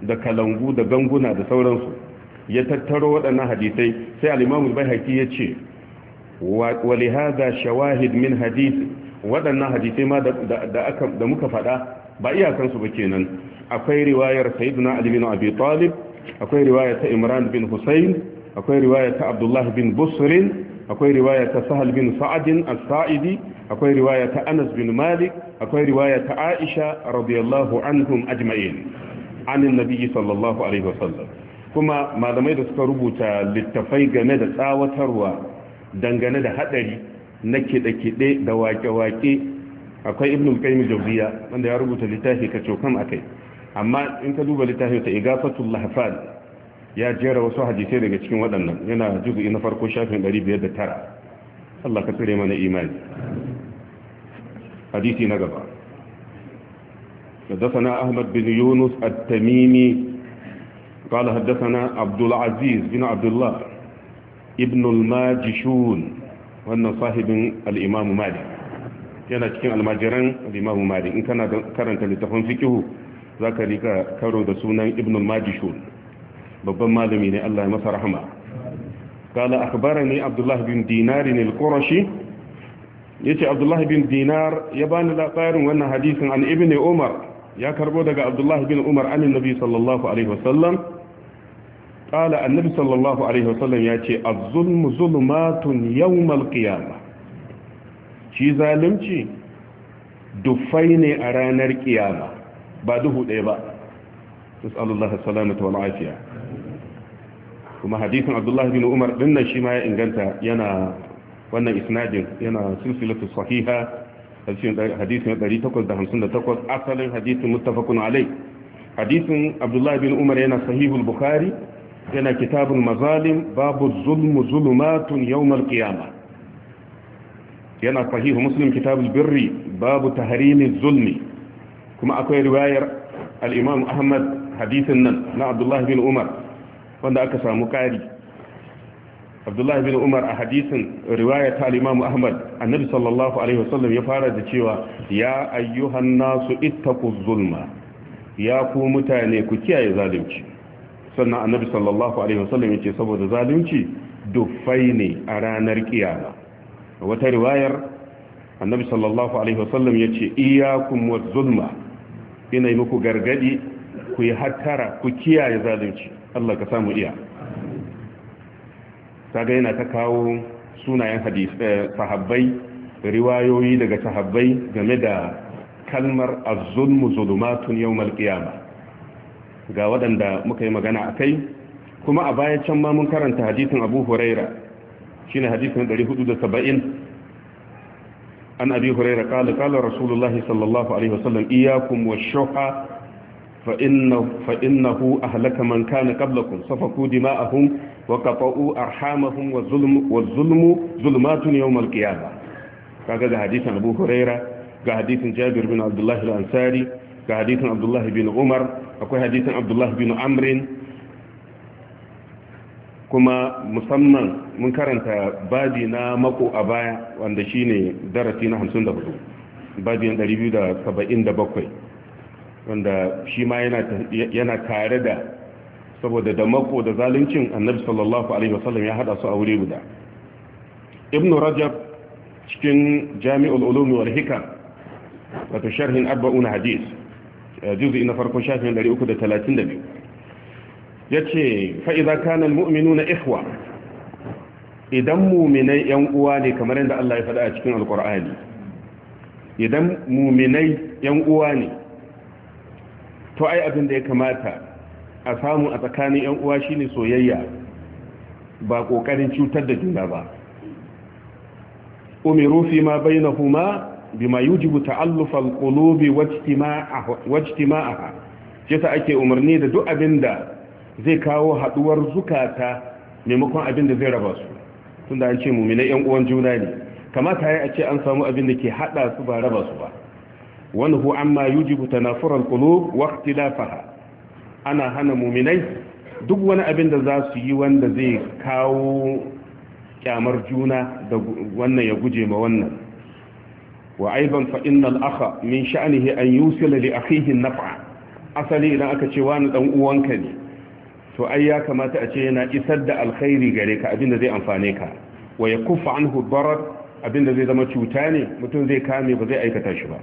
da kalangu da ganguna da sauransu ya tattaro waɗannan hadisai sai al-imamul baihaqi ya ce wa haza shawahid min hadith waɗannan hadisai ma da muka faɗa ba iyakansu ba kenan akwai riwayar sayyiduna ali bin abi talib akwai riwaya ta imran bin husayn akwai riwaya ta abdullah bin busrin akwai riwaya ta sahal bin sa'adin as-sa'idi akwai riwaya ta anas bin malik akwai riwaya ta aisha radiyallahu anhum ajma'in anin nabiyyi sallallahu alaihi wasallam kuma malamai da suka rubuta littafai game da tsawatarwa dangane da hadari na kiɗe-kiɗe da wake-wake akwai ibn qayyim jawziya wanda ya rubuta littafi ka cokan akai amma in ka duba littafi ta igafatul lahfal ya jera wasu hadisai daga cikin waɗannan yana juzu'i na farko shafin 509 Allah ka tsire mana imani hadisi na gaba حدثنا أحمد بن يونس التميمي قال حدثنا عبد العزيز بن عبد الله ابن الماجشون وأن صاحب الإمام مالك yana cikin almajiran limamu malik in kana karanta littafin fikihu za ka rika karo da sunan ibn al-majishun babban malami ne Allah ya masa rahma. kala akhbarani abdullah bin dinar al-qurashi yace abdullah bin dinar ya bani labarin wannan hadisin an ibn umar ya karbo daga Abdullahi bin umar an nabi sallallahu alaihi wasallam ƙala annabi sallallahu alaihi wasallam ya ce azulmu zulmatun yawmal qiyama shi zalunci dufai ne a ranar kiyama ba duhu ɗaya ba nasallallahu salamata wal afiya kuma hadisin abdullahi bin umar dinnan shi ma ya inganta yana wannan isnadin yana silsilatu sahiha hadisin 858 asalin hadisin muttafaqun alai hadisin abdullahi bin umar yana sahihul bukhari yana kitabun mazalim babu zulmu zulumatun yawmal qiyama yana sahihu muslim kitabul birri babu tahrimiz zulmi kuma akwai riwayar al-imam ahmad hadisin nan na abdullahi bin umar wanda aka samu kari abdullahi bin umar a hadisin riwayar ta al-imam ahmad annabi sallallahu alaihi wasallam ya fara da cewa ya ayyuhan nasu ittaquz zulma ya ku mutane ku kiyaye zalunci sannan annabi sallallahu alaihi wasallam yace saboda zalunci dufai ne a ranar kiyama wata riwayar annabi sallallahu alaihi wasallam yace iyyakum wa zulma ina muku gargadi ku yi hattara ku kiyaye zalunci Allah ka samu iya kaga yana ta kawo sunayen hadis eh, sahabbai riwayoyi daga sahabbai game da kalmar az-zulmu zulumatun yawmal qiyamah ga waɗanda muka yi magana a kai kuma a baya can ma mun karanta hadisin abu huraira shi ne hadisin 470 an abi huraira kala kala rasulullah sallallahu alaihi wasallam iyakum wa shuha fa innahu ahlaka man kana qablakum safaku dima'ahum wa qata'u arhamahum wa zulmu wa zulmu zulmatun yawm al-qiyamah kaga ga hadisin abu huraira ga hadisin jabir bin abdullah al-ansari ga hadisin abdullah bin umar akwai hadisin abdullahi bin amrin kuma musamman mun karanta babi na mako a baya wanda shi ne darasi na 54 babin 277 wanda shi ma yana tare da saboda da mako da zaluncin annabi sallallahu alaihi wasallam ya hada su a wuri guda ibn rajab cikin jami'ul ulumi wal hikam wato sharhin arba'un hadis juzi na farko shafin 332 ya ce fa'iza kanan mu'minu na ihwa idan muminai ‘yan uwa ne kamar yadda Allah ya faɗa a cikin alƙur'ani idan muminai ‘yan uwa ne to ai abin da ya kamata a samu a tsakanin ‘yan uwa shine soyayya ba ƙoƙarin cutar da juna ba umiru fi ma bai na bima yujibu ta'allufa alqulubi wajtima'aha yasa ake umarni da duk abinda zai kawo haduwar zukata maimakon abinda zai raba su tunda an ce mu'minai yan uwan juna ne kamata a ce an samu abinda ke hada su ba raba su ba wani hu amma yujibu tanafur alqulub wa ana hana mu'minai duk wani abin da za su yi wanda zai kawo kyamar juna da wannan ya guje ma wannan wa aidan fa innal akha min sha'nihi an yusila li akhihi naf'a asali idan aka ce wani dan uwanka ne to ai ya kamata a ce yana isar da alkhairi gare ka abinda zai amfane ka wa yakuffa anhu darar abinda zai zama cuta ne mutum zai kame ba zai aikata shi ba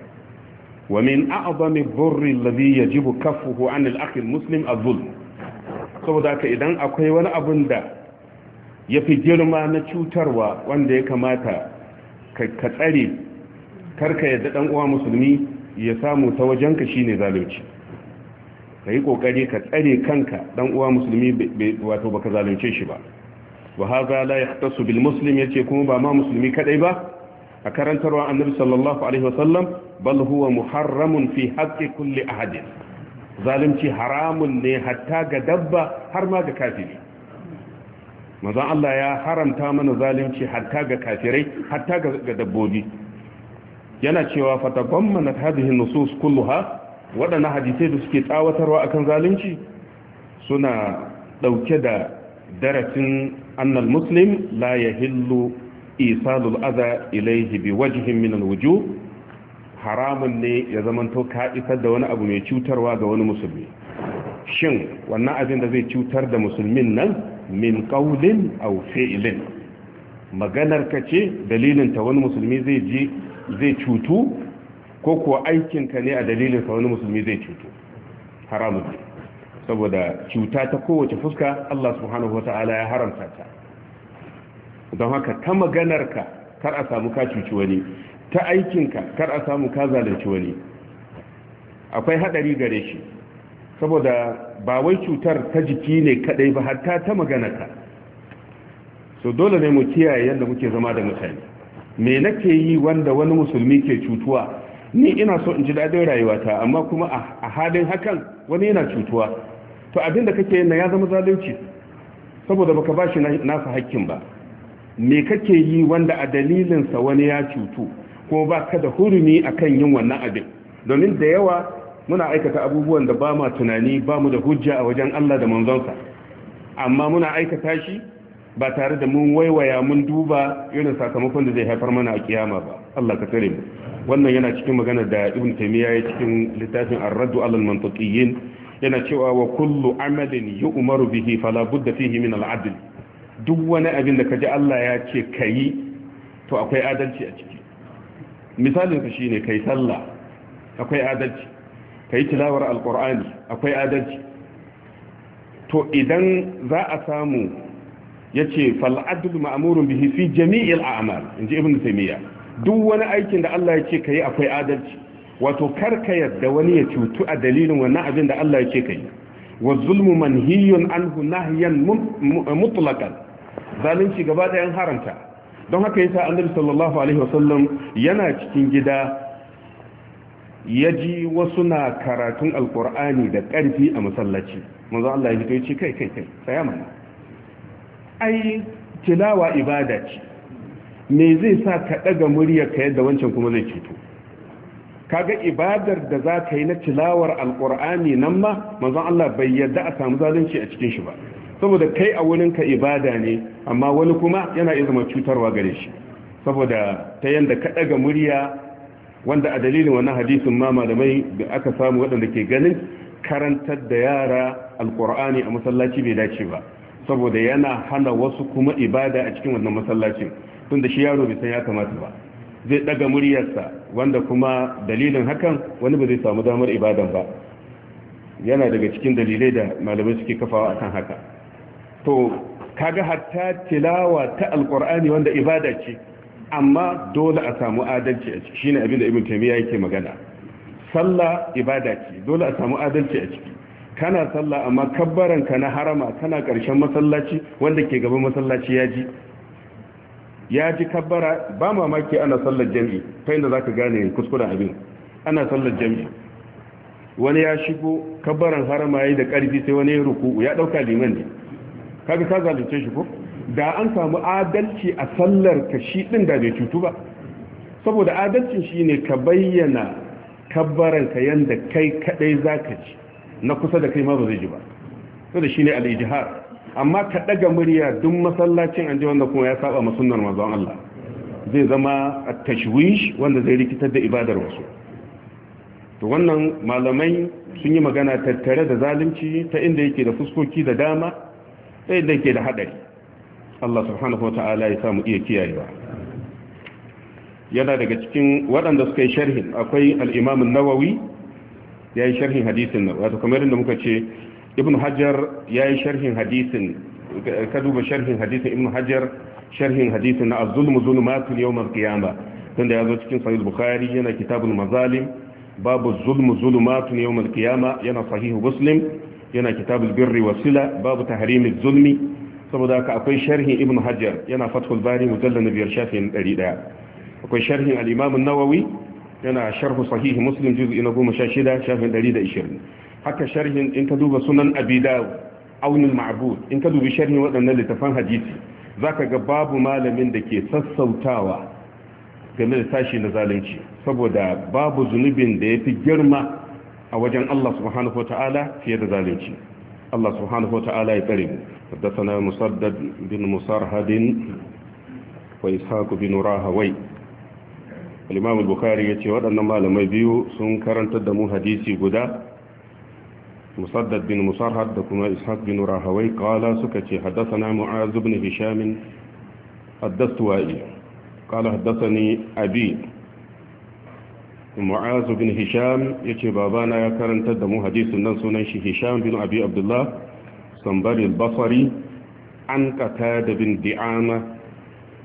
wa min a'zami dhurri alladhi yajibu kaffuhu an al-akhi al-muslim adh-dhulm saboda ka idan akwai wani abun da ya fi girma na cutarwa wanda ya kamata ka tsare karka yadda dan uwa musulmi ya samu ta wajenka shine zalunci ka yi kokari ka tsare kanka dan uwa musulmi wato baka zalunce shi ba wa hadha la yahtasu bil muslim yace kuma ba ma musulmi kadai ba a karantarwa annabi sallallahu alaihi wasallam bal huwa muharramun fi haqqi kulli ahadin zalunci haramun ne hatta ga dabba har ma ga kafiri mazan Allah ya haramta mana zalunci hatta ga kafirai hatta ga dabbobi yana cewa fatabammanat hadhihi nusus kulluha waɗannan hadisai da suke tsawatarwa akan zalunci suna ɗauke da darasin annal muslim la hillu isalul adha ilayhi biwajhin min alwujuh haramun ne ya zamanto ka isar da wani abu mai cutarwa ga wani musulmi shin wannan abin da zai cutar da musulmin nan min qaulin aw fi'lin maganar ka ce dalilin ta wani musulmi zai je. zai cutu ko kuwa aikinka ne a dalilin ka wani musulmi zai cutu haramun saboda cuta ta kowace fuska Allah subhanahu wata'ala ya haramta ta don haka ta maganarka kar a samu ka cuci wani ta aikinka kar a samu ka zalunci wani akwai hadari gare shi saboda ba wai cutar ta jiki ne kadai ba hatta ta maganarka so dole ne mu kiyaye yadda muke zama da mutane me nake yi wanda wani musulmi ke cutuwa ni ina so in ji daɗin rayuwata amma kuma a halin hakan wani yana cutuwa to abinda kake yin na ya zama zalunci saboda baka ba shi nasa hakkin ba me kake yi wanda a dalilinsa wani ya cutu ko ba ka da hurumi akan yin wannan abin domin da yawa muna aikata abubuwan da ba ma tunani ba mu da hujja a wajen Allah da manzonsa amma muna aikata shi ba tare da mun waiwaya mun duba irin sakamakon da zai haifar mana a kiyama ba Allah ka tare mu wannan yana cikin magana da Ibn Taymiyyah ya cikin littafin Ar-Radd 'ala al-Mantiqiyyin yana cewa wa kullu amalin yu'maru bihi fala budda fihi min al-'adl duk wani abin da kaji Allah ya ce kai to akwai adalci a ciki misalin sa shine kai sallah akwai adalci kai tilawar al-Qur'ani akwai adalci to idan za a samu Ya ce fal'adul ma'amurin bihi fi jami'il a'mal inji ibnu taymiya duk wani aikin da Allah ka yi akwai adalci wato karka yadda wani ya cutu a dalilin wannan abin da Allah ka yi wa zulmu manhiyun anhu nahyan mutlaqan zalunci gaba ɗayan haramta don haka yasa annabi sallallahu alaihi wasallam yana cikin gida ya ji wasu na karatun alkur'ani da ƙarfi a masallaci manzo Allah ya ya ce kai kai kai tsaya mana ai tilawa ibada ce me zai sa ka daga muryar ka yadda wancan kuma zai cuto kaga ibadar da za ka yi na tilawar alkur'ani nan ma manzon Allah bai yadda a samu zalunci a cikin shi ba saboda kai a wurin ka ibada ne amma wani kuma yana iya zama cutarwa gare shi saboda ta yanda ka daga murya wanda a dalilin wannan hadisin ma malamai da aka samu waɗanda ke ganin karantar da yara alkur'ani a masallaci bai dace ba saboda yana hana wasu kuma ibada a cikin wannan masallacin tunda shi yaro bai san ya kamata ba zai daga muryarsa wanda kuma dalilin hakan wani ba zai samu damar ibadan ba yana daga cikin dalilai da malamai suke kafawa akan haka to kaga hatta tilawa ta alqur'ani wanda ibada ce amma dole a samu adalci a ciki shine abin da ibn taymiya yake magana sallah ibada ce dole a samu adalci a ciki kana sallah amma kabbaran na harama kana ƙarshen masallaci wanda ke gaban masallaci ya ji ya ji kabbara ba mamaki ana sallar jami'i ta inda za ka gane kuskuren abin ana sallar jami'i wani ya shigo kabbaran harama ya yi da ƙarfi sai wani ya ruku ya ɗauka liman ne kaga ka zalunce shi ko da an samu adalci a sallar ka shi ɗin da bai cutu ba saboda adalcin shi ne ka bayyana kabbaran ka yanda kai kaɗai za ka ji na kusa da kai ma ba zai ji ba to da shine al-ijhar amma ka daga murya duk masallacin anje wanda kuma ya saba masunnar manzon Allah zai zama at-tashwish wanda zai rikitar da ibadar wasu to wannan malamai sun yi magana tattare da zalunci ta inda yake da fuskoki da dama ta inda yake da hadari Allah subhanahu wataala ya samu iya kiyayewa yana daga cikin waɗanda suka yi sharhin akwai al-Imam nawawi ya yi sharhin hadisin nan wato kamar yadda muka ce ibn hajar ya yi sharhin hadisin ka duba sharhin hadisin ibn hajar sharhin hadisin na azulmu zulmatul yawmal qiyama tunda ya zo cikin sahih bukhari yana kitabul mazalim babu zulmu zulmatun yawmal qiyama yana sahihu muslim yana kitabul birri wasila babu tahrimiz zulmi saboda haka akwai sharhin ibn hajar yana fathul bari mujallal na biyar shafin ɗaya akwai sharhin al-imam an-nawawi yana sharhu sahihi muslim juz'i na goma sha shida shafin dari da ishirin haka sharhin in ka duba sunan abidawu aunin ma'abud in ka dubi sharhin waɗannan littafan hadisi za ka ga babu malamin da ke sassautawa game da sashi na zalunci saboda babu zunubin da ya fi girma a wajen Allah subhanahu wa ta'ala fiye da zalunci Allah subhanahu wa ta'ala ya tsare mu حدثنا مسدد بن مسرهد وإسحاق بن راهوي al-imam al-bukhari yace waɗannan malamai biyu sun karantar da mu hadisi guda musaddad bin musarhad da kuma ishaq bin rahawai qala suka ce haddathana mu'az ibn hisham ad-dastuwai qala haddathani abi mu'az bin hisham yace babana ya karantar da mu hadisin nan sunan shi hisham bin abi abdullah sambari al-basri an qatada bin di'ama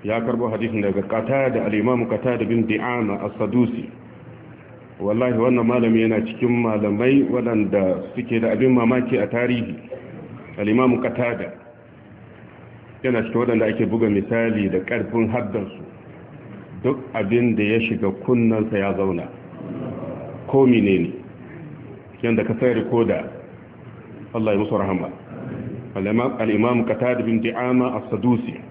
ya karbo hadisin daga kata da al'imamu kata da bin di'ama a sadusi wallahi wannan malami yana cikin malamai waɗanda suke da abin mamaki a tarihi al'imamu kata da yana cikin waɗanda ake buga misali da ƙarfin haddansu duk abin da ya shiga kunnansa ya zauna ko mine ne yadda ka sai rikoda Allah ya musu rahama al'imamu kata da bin di'ama a sadusi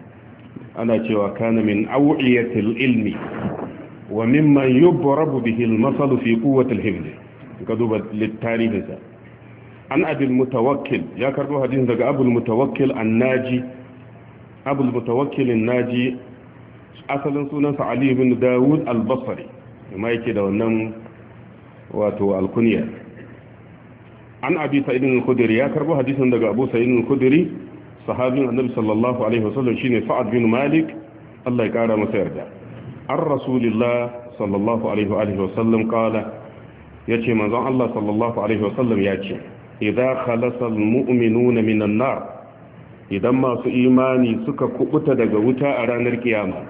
ana cewa kana min aw'iyatil ilmi wa mimman yubrabu bihi al-masal fi quwwati al-himd ka duba an abul mutawakkil ya karbo hadith daga abul mutawakkil an-naji abul mutawakkil an-naji asalin sunansa ali ibn dawud al-basri kuma yake da wannan wato alkunya an abi sa'id al-khudri ya karbo hadisin daga abu sa'id al-khudri sahabin annabi sallallahu alaihi wasallam shine fa'ad bin malik Allah ya kara masa yarda an rasulillah sallallahu alaihi wa alihi wasallam kala yace manzon Allah sallallahu alaihi wasallam yace idza khalasa almu'minuna minan nar idan masu imani suka kubuta daga wuta a ranar kiyama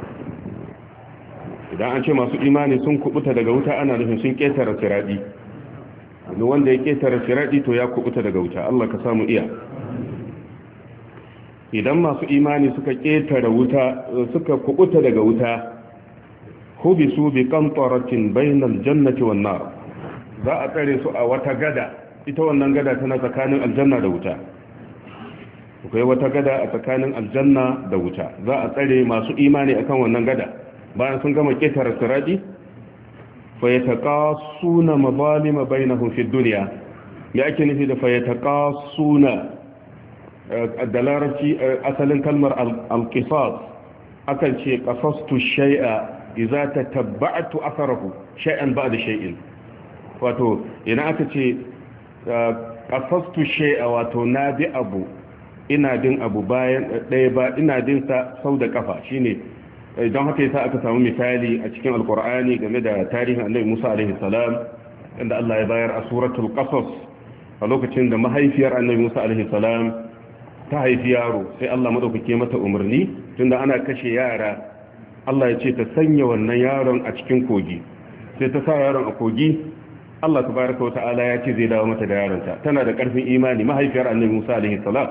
idan an ce masu imani sun kubuta daga wuta ana nufin sun ketara siradi wanda ya ketara siradi to ya kubuta daga wuta Allah ka samu iya idan masu imani suka ƙetare wuta suka kubuta daga wuta hubisu bi qantaratin bainal jannati wan nar za a tsare su a wata gada ita wannan gada tana tsakanin aljanna da wuta akwai wata gada a tsakanin aljanna da wuta za a tsare masu imani akan wannan gada bayan sun gama ƙetare sirati fa yataqasuna mazalima bainahum fid dunya me ake nufi da fa yataqasuna Eh, da larabci eh, asalin kalmar alkifas akan ce kafastu shai'a iza ta tabba'atu asarahu shai'an ba da shai'in wato ina aka ce kafastu eh, shai'a wato na bi abu ina bin abu bayan ɗaya ba ina bin sa sau da kafa shine don haka yasa aka samu misali a cikin alkur'ani game da tarihin annabi musa alaihi salam inda allah ya bayar a suratul qasas a lokacin da mahaifiyar annabi musa alaihi salam ta haifi yaro sai Allah madaukake mata umarni tunda ana kashe yara Allah ya ce ta sanya wannan yaron a cikin kogi sai ta sa yaron a kogi Allah tabaraka wa ta'ala ya ce zai dawo mata da yaron ta tana da karfin imani mahaifiyar annabi Musa alaihi salam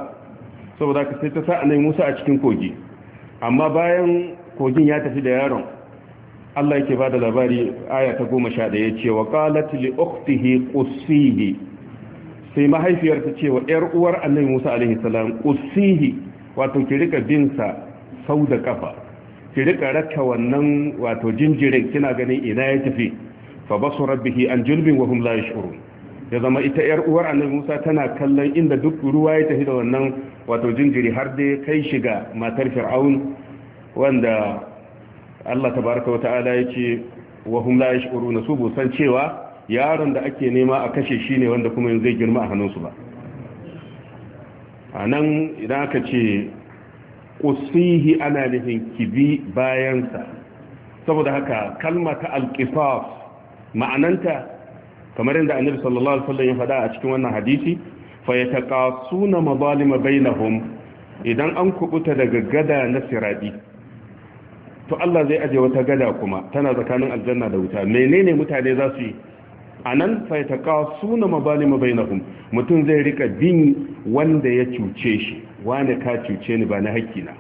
saboda ka sai ta sa annabi Musa a cikin kogi amma bayan kogin ya tafi da yaron Allah yake bada labari aya ta 11 yace wa qalat li ukhtihi qussihi sai mahaifiyar ta ce wa ƴar uwar annabi Musa alaihi salam usihi wato ki rika bin sa sau da kafa ki rika raka wannan wato jinjirin kina ganin ina ya tafi fa basu rabbihi an julbin wa hum la yash'urun ya zama ita ƴar uwar annabi Musa tana kallon inda duk ruwa ya tafi da wannan wato jinjiri har dai kai shiga matar Fir'aun wanda Allah tabaraka wa ta'ala yake wa hum la yash'uruna su busan cewa yaron da ake nema a kashe shi ne wanda kuma zai girma a hannunsu ba a nan idan aka ce ƙusihi ana nufin kibi bayansa saboda haka kalma ta alƙifaf ma'ananta kamar yadda annabi sallallahu alaihi wasallam ya faɗa a cikin wannan hadisi fa yataqasuna mazalima bainahum idan an kubuta daga gada na siradi to Allah zai aje wata gada kuma tana tsakanin aljanna da wuta menene mutane za su yi a nan faitaka suna mabalima bainahum mutum zai rika bin wanda ya cuce shi wani ka cuce ni ba na haƙƙina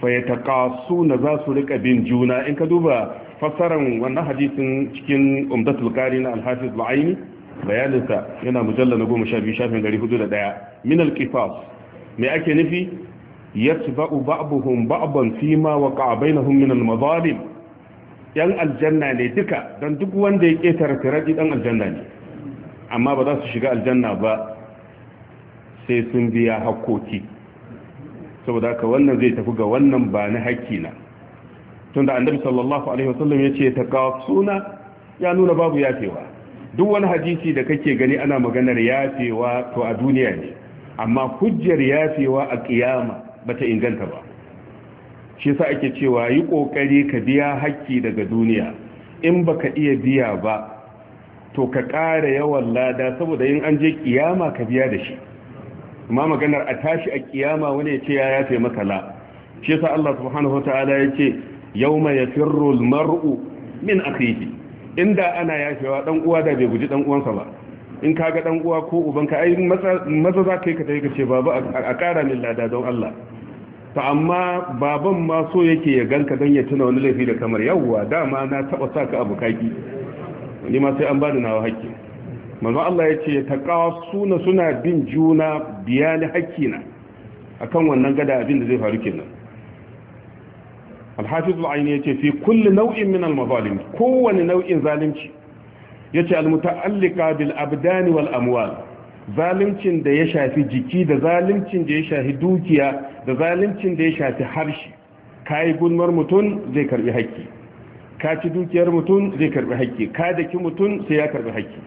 faitaka suna za su rika bin juna in ka duba fassaran wannan hadisin cikin umdatul qari na alhafiz hafiz aini bayaninsa yana mujalla na goma sha shafin gari hudu da ɗaya min alkifas me ake nufi ya ci ba'u ba'abuhun ba'aban fi ma wa ka'abai na hun min almazalim yan aljanna ne duka don duk wanda ya ƙetare sirati ɗan aljanna ne amma ba za su shiga aljanna ba sai sun biya hakkoki saboda haka wannan zai tafi ga wannan ba na haƙƙi na tunda annabi sallallahu alaihi wasallam ya ce ta suna ya nuna babu yafewa duk wani hadisi da kake gani ana maganar yafewa to a duniya ne amma hujjar yafewa a kiyama bata inganta ba shi sa ake cewa yi kokari ka biya haƙƙi daga duniya in baka iya biya ba to ka ƙara yawan lada saboda in an je kiyama ka biya da shi amma maganar a tashi a kiyama wani ya ce ya yafe maka la shi sa Allah subhanahu wataala ya ce yawma yafirru almar'u min akhihi inda ana yafewa dan uwa da bai guji dan uwansa ba in kaga dan uwa ko ubanka ai maza za ka yi ka ka ce babu a kara min lada don Allah to amma baban ma so yake ya ganka don ya tuna wani laifi da kamar yawwa dama na taba sa ka abu kaki ni ma sai an bada nawa hakki manzo Allah ya ce kawo suna suna bin juna biyani na akan wannan gada abin da zai faru kenan al-hafiz al-aini yace fi kulli nau'in min al-mazalim kowane nau'in zalunci yace al-muta'alliqa bil abdani wal amwal zalimcin da ya shafi jiki da zalimcin da ya shafi dukiya da zalimcin da ya shafi harshe ka yi gulmar mutum zai karbi haƙƙi ka ci dukiyar mutum zai karbi haƙƙi ka daki mutum sai ya karbi haƙƙi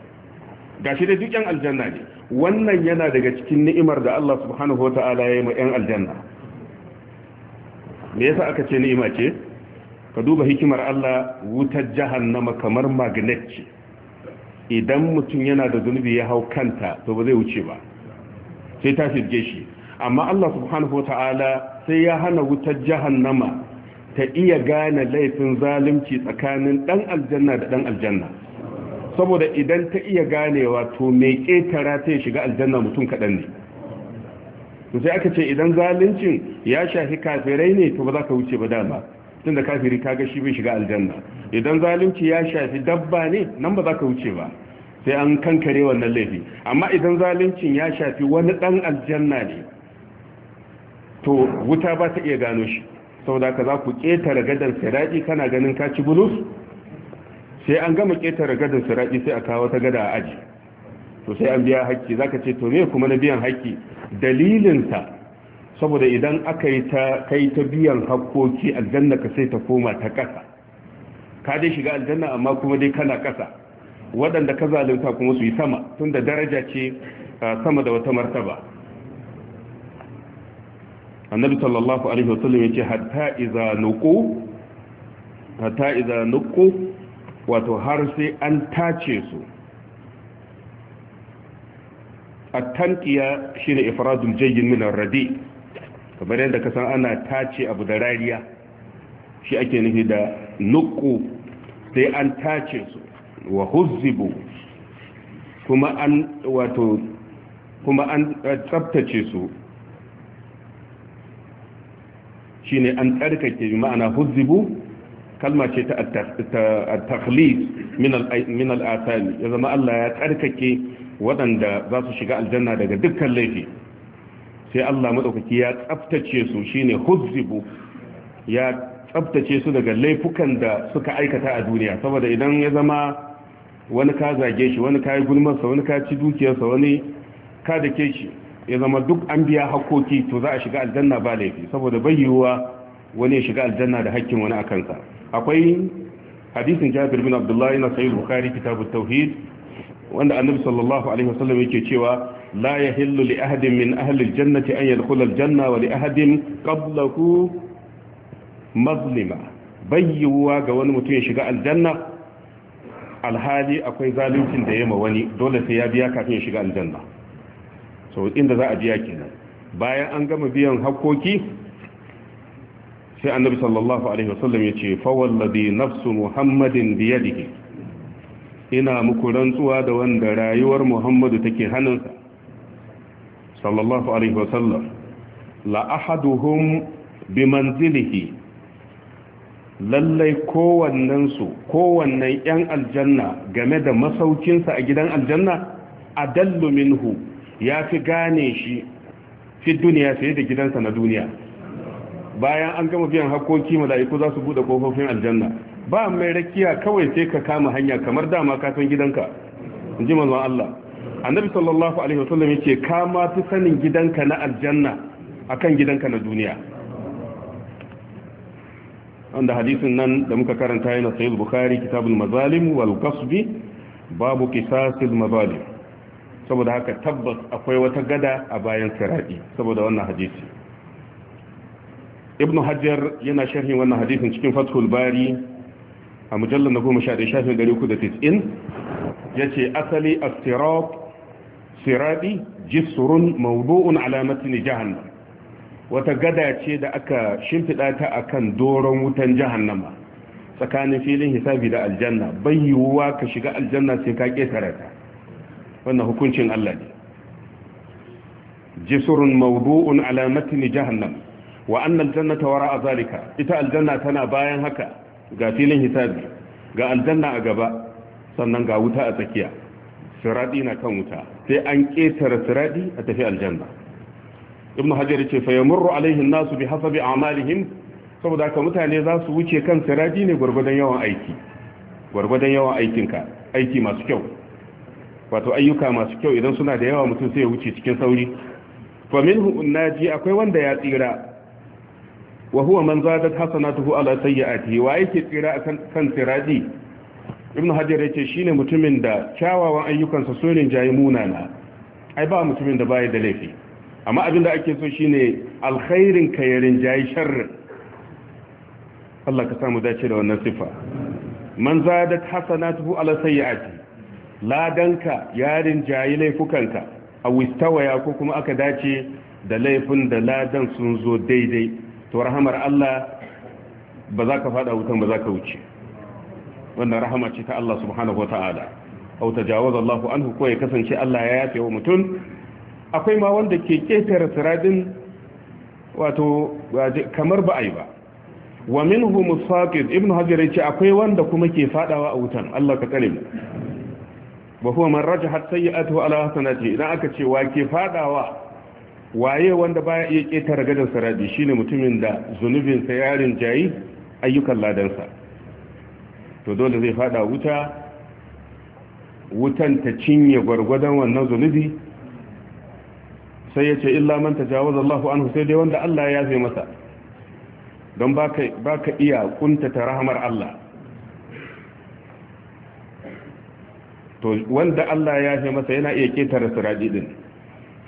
ga shi da duk yan aljanna ne wannan yana daga cikin ni'imar da Allah subhanahu wata'ala ya yi ma yan aljanna me yasa aka ce ni'ima ce ka duba hikimar Allah wutar jahannama kamar magnet ce idan mutum yana da zunubi ya hau kanta to ba zai wuce ba sai ta shirge shi amma Allah subhanahu wata'ala sai ya hana wutar jahannama ta iya gane laifin zalunci tsakanin dan aljanna da dan aljanna saboda idan ta iya ganewa to mai ƙetara ta shiga aljanna mutum kaɗan ne to sai aka ce idan zaluncin ya shafi kafirai ne to ba za ka wuce ba dama tunda kafiri ka shi bai shiga aljanna idan zalunci ya shafi dabba ne nan ba za ka wuce ba sai an kankare wannan laifi amma idan zaluncin ya shafi wani dan aljanna ne to wuta ba ta iya gano shi saboda ka za ku ƙetare gadon siraji kana ganin ka ci bulus sai an gama ƙetare ragadar siraji sai a kawo ta gada a aji to sai an biya hakki za ka ce to me kuma na biyan hakki dalilinsa saboda idan aka yi ta kai ta biyan hakkoki aljanna ka sai ta koma ta ƙasa ka dai shiga aljanna amma kuma dai kana ƙasa waɗanda ka zalunta kuma su yi sama tunda daraja ce sama da wata martaba annabi sallallahu alaihi wasallam yace hatta iza nuqu hatta iza nuqu wato har sai an tace su at-tanqiya shine ifradul jayyin min ar-radi' kamar yadda ka san ana tace abu da rariya shi ake nufi da nuku sai an tace su wa huzzibu kuma an wato kuma an tsabtace su shine an tsarkake ma'ana huzzibu kalma ce ta at-takhlis min al ya zama Allah ya tsarkake waɗanda za su shiga aljanna daga dukkan laifi sai Allah madaukaki ya tsaftace su shine huzzibu ya tsaftace su daga laifukan da suka aikata a duniya saboda idan ya zama wani ka zage shi wani ka yi gulmarsa wani ka ci dukiyarsa wani ka da ke shi ya zama duk an biya hakkoki to za a shiga aljanna ba laifi saboda bai yiwuwa wani ya shiga aljanna da hakkin wani a kansa akwai hadisin jabir bin abdullahi na sayyid bukhari kitabut tauhid wanda annabi sallallahu alaihi wasallam yake cewa لا يهل لأحد من أهل الجنة أن يدخل الجنة ولأحد قبله مظلمة بيوا قوان متين شقاء الجنة ma أكوي dole ديما وني دولة سيابيا كافين شقاء الجنة so inda za a biya kenan bayan an gama biyan hakkoki sai annabi sallallahu alaihi wasallam ya ce fawallazi nafsu muhammadin ina muku rantsuwa da wanda rayuwar muhammadu take hannunsa sallallahu alaihi wasallam la ahaduhum bi manzilihi lallai kowannensu kowannen yan aljanna game da masaukinsa a gidan aljanna adallu minhu ya fi gane shi fi duniya fiye da gidansa na duniya bayan an gama biyan hakoki mala'iku za su bude kofofin aljanna ba mai rakiya kawai sai ka kama hanya kamar dama ka san gidanka in ji manzon Allah annabi sallallahu alaihi wasallam yace ka ma fi sanin gidanka na aljanna akan gidanka na duniya wanda hadisin nan da muka karanta yana sahih bukhari kitabul mazalim wal qasbi babu qisasil mazalim saboda haka tabbas akwai wata gada a bayan sirati saboda wannan hadisi ibnu hajjar yana sharhin wannan hadisin cikin fathul bari a mujallar na goma sha ɗaya shafin ɗari uku da tis'in yace asali as-sirat siradi jisrun mawdu'un ala matni jahannam wata gada ce da aka shimfida ta akan doron wutan jahannama tsakanin filin hisabi da aljanna bai yiwuwa ka shiga aljanna sai ka ƙetare ta wannan hukuncin Allah ne jisurun mawdu'un ala matni jahannam wa anna aljannata wara'a zalika ita aljanna tana bayan haka ga filin hisabi ga aljanna a gaba sannan ga wuta a tsakiya siradi na kan wuta sai an ƙetare siradi a tafi aljanna ibn hajar ce fa yamurru alaihi nasu bi hasabi a'malihim saboda ka mutane za su wuce kan siradi ne gwargwadon yawan aiki gwargwadon yawan aikinka aiki masu kyau wato ayyuka masu kyau idan suna da yawa mutum sai ya wuce cikin sauri fa minhu naji akwai wanda ya tsira wa huwa man zadat hasanatuhu ala sayyi'atihi wa yake tsira kan siradi ibnu hajar yace shine mutumin da kyawawan ayyukansa so ne jayi munana ai ba mutumin da baya da laifi amma abin da ake so shine alkhairin ka yarin jayi sharrin Allah ka samu dace da wannan sifa man zadat hasanatuhu ala sayyi'ati ladanka yarin jayi laifukanka a ya ko kuma aka dace da laifin da ladan sun zo daidai to rahamar Allah ba za ka fada wutan ba za ka wuce wannan rahama ce ta Allah subhanahu wata'ala au tajawaza Allah anhu ko ya kasance Allah ya yafe wa mutum akwai ma wanda ke ketare siradin wato kamar ba ai ba wa minhu musaqid ibn hajar yace akwai wanda kuma ke fadawa a wutan Allah ka kare mu wa huwa man rajahat sayyi'atuhu ala hasanati idan aka ce wa ke fadawa waye wanda baya iya ketare gadan saradi shine mutumin da zunubinsa yarin jayi ayyukan ladansa to dole zai fada wuta wutan ta cinye gwargwadon wannan zunubi sai ya ce illa man tajawaza Allahu anhu sai dai wanda Allah ya zai masa don baka baka iya kuntata rahmar Allah to wanda Allah ya zai masa yana iya ketare siraji din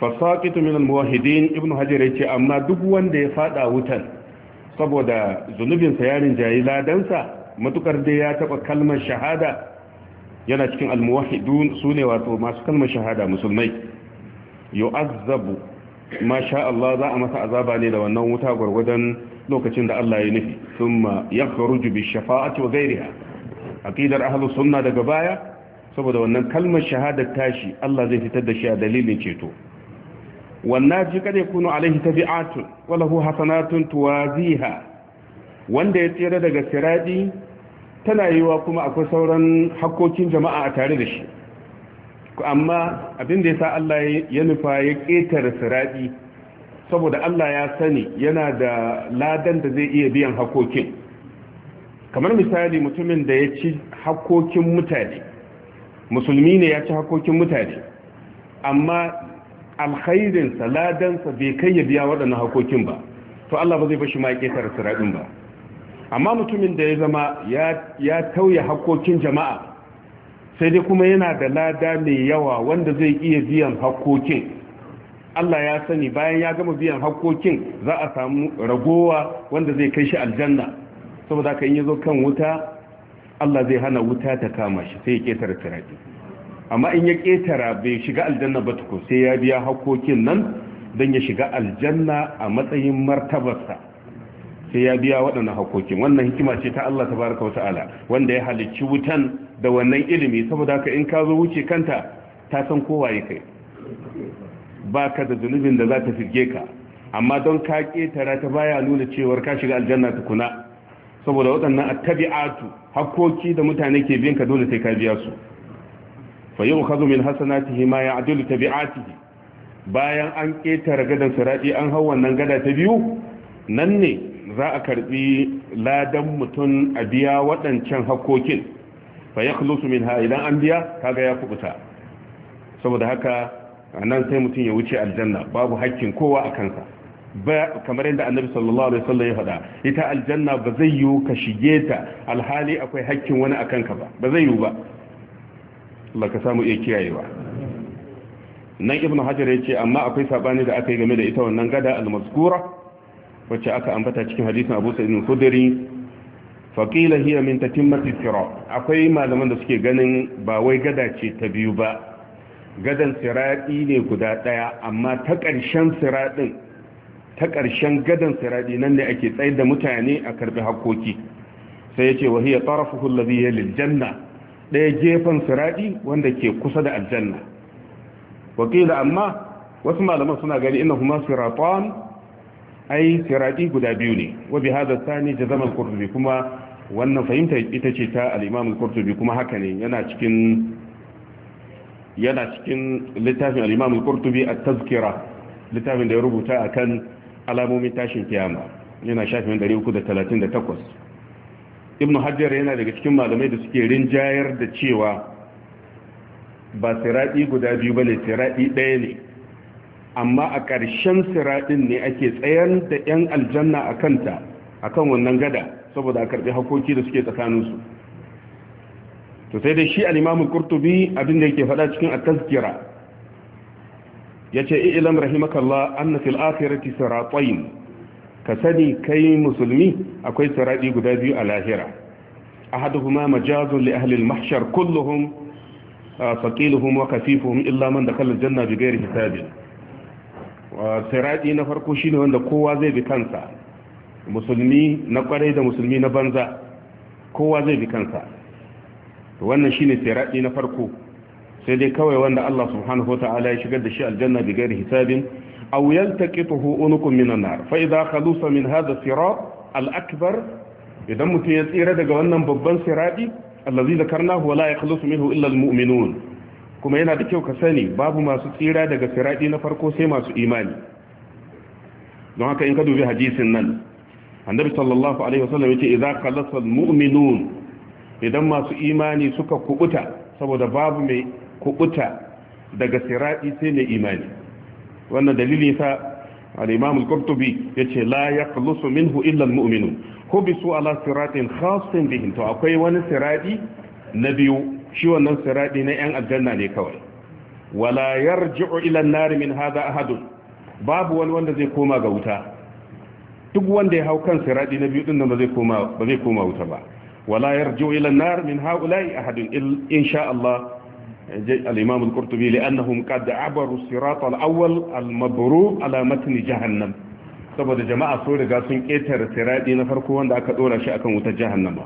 fasaqitu min al-muwahhidin ibnu hajar yace amma duk wanda ya fada wutan saboda zunubin sa yarin jayi ladansa matukar dai ya taba kalmar shahada yana cikin almuwahidun su ne wato masu kalmar shahada musulmai yu'azzabu ma sha Allah za a masa azaba ne da wannan wuta gwargwadon lokacin da Allah ya nufi thumma yakhruju bi shafa'ati wa ghayriha aqidar ahlus sunna daga baya saboda wannan kalmar shahada tashi Allah zai fitar da shi a dalilin ceto wannan ji kada kunu alaihi tabi'atun wa lahu hasanatun tuwaziha wanda ya tsira daga siradi tana yi wa kuma akwai sauran hakkokin jama'a a tare da shi amma abin da ya sa Allah ya nufa ya ƙetare siraɗi saboda Allah ya sani yana da ladan da zai iya biyan hakokin kamar misali mutumin da ya ci hakokin mutane musulmi ne ya ci hakokin mutane amma alkhairinsa ladansa bai kai ya biya waɗannan hakokin ba to Allah ba zai bashi ma ya ƙetare siraɗin ba amma mutumin da ya zama ya tauye hakkokin jama'a sai dai kuma yana da lada mai yawa wanda zai iya biyan hakkokin Allah ya sani bayan ya gama biyan hakkokin za a samu ragowa wanda zai kai shi aljanna saboda kan yi zo kan wuta Allah zai hana wuta ta kama shi sai ya ketara tirafi amma in ya ƙetara bai shiga aljanna ba tukun sai ya biya hakkokin nan don ya shiga aljanna a matsayin martabarsa sai ya biya waɗannan hakokin wannan hikima ce ta Allah tabaraka wa ta'ala wanda ya halicci wutan da wannan ilimi saboda haka in ka zo wuce kanta ta san kowa ya kai ba ka da zunubin da za ta firge ka amma don ka ƙetara ta baya nuna cewar ka shiga aljanna tukuna saboda waɗannan attabi'atu hakoki da mutane ke bin ka dole sai ka biya su fa yu'khadhu min hasanatihi ma ya'dilu tabi'atihi bayan an ketara gadan sarati an hau wannan gada ta biyu nan ne za a karbi ladan mutum a biya waɗancan hakokin fa ya min ha idan an biya kaga ya kubuta saboda haka a nan sai mutum ya wuce aljanna babu hakkin kowa a kansa kamar yadda annabi sallallahu alaihi wasallam ya faɗa ita aljanna ba zai yiwu ka shige ta alhali akwai hakkin wani a kanka ba ba zai yiwu ba Allah ka samu iya kiyayewa nan ibnu hajar ya ce amma akwai sabani da aka yi game da ita wannan gada al-mazkura wacce aka ambata cikin hadisin abu sa'id al-khudri faqila hiya min tatimmati sirat akwai malaman da suke ganin ba wai gada ce ta biyu ba gadan sirati ne guda daya amma ta ƙarshen siratin ta ƙarshen gadan sirati nan ne ake tsayar da mutane a karbi hakkoki sai yace wa hiya tarafuhu alladhi ya lil janna daya gefen sirati wanda ke kusa da aljanna waqila amma wasu malaman suna gani innahuma siratan ai siradi guda biyu ne wa bi hada sani jazam al-qurtubi kuma wannan fahimta ita ce ta al-imam al-qurtubi kuma haka ne yana cikin yana cikin littafin al-imam al-qurtubi at-tazkira littafin da ya rubuta akan alamomin tashin kiyama yana shafin 338 ibnu hajjar yana daga cikin malamai da suke rinjayar da cewa ba siradi guda biyu bane siradi ɗaya ne amma a ƙarshen siraɗin ne ake tsayar da 'yan aljanna a kanta a kan wannan gada saboda a karɓi hakoki da suke tsakaninsu to sai dai shi alimamin kurtubi abin da yake faɗa cikin a taskira ya ce ilam rahimakallah an na fil'afirati siratsayin ka sani kai musulmi akwai siraɗi guda biyu a lahira ahaduhuma majazun li ahlil mahshar kulluhum faqiluhum wa kafifuhum illa man dakhala aljanna bighairi hisabin siraɗi na farko shine wanda kowa zai bi kansa musulmi na ƙwarai da musulmi na banza kowa zai bi kansa wannan ne siraɗi na farko sai dai kawai wanda Allah subhanahu ta'ala ya shigar da shi aljanna bi gari hisabin aw yaltaqituhu unukun minan nar fa idha khalusa min hadha sirat al-akbar idan mutum ya tsira daga wannan babban siraɗi allazi zakarnahu wala yakhlusu minhu illa al-mu'minun kuma yana da kyau ka sani babu masu tsira daga siradi na farko sai masu imani don haka in ka dubi hadisin nan annabi sallallahu alaihi wasallam yace idza khalasa almu'minun idan masu imani suka kubuta saboda babu mai kubuta daga siradi sai mai imani wannan dalilin sa al-imam al-qurtubi yace la yakhlusu minhu illa almu'minun hubisu ala siratin khassin bihim to akwai wani siradi na biyu shi wannan siradi na yan aljanna ne kawai wala yarji'u ila an-nar min hadha babu wani wanda zai koma ga wuta duk wanda ya hau kan siradi na biyu din nan ba zai koma ba zai koma wuta ba wala yarji'u ila an-nar min haula'i ahadun insha Allah al-imam al-qurtubi li'annahum qad abaru sirat al-awwal al-mabrur ala matn jahannam saboda jama'a sun riga sun ketare siradi na farko wanda aka dora shi akan wutar jahannama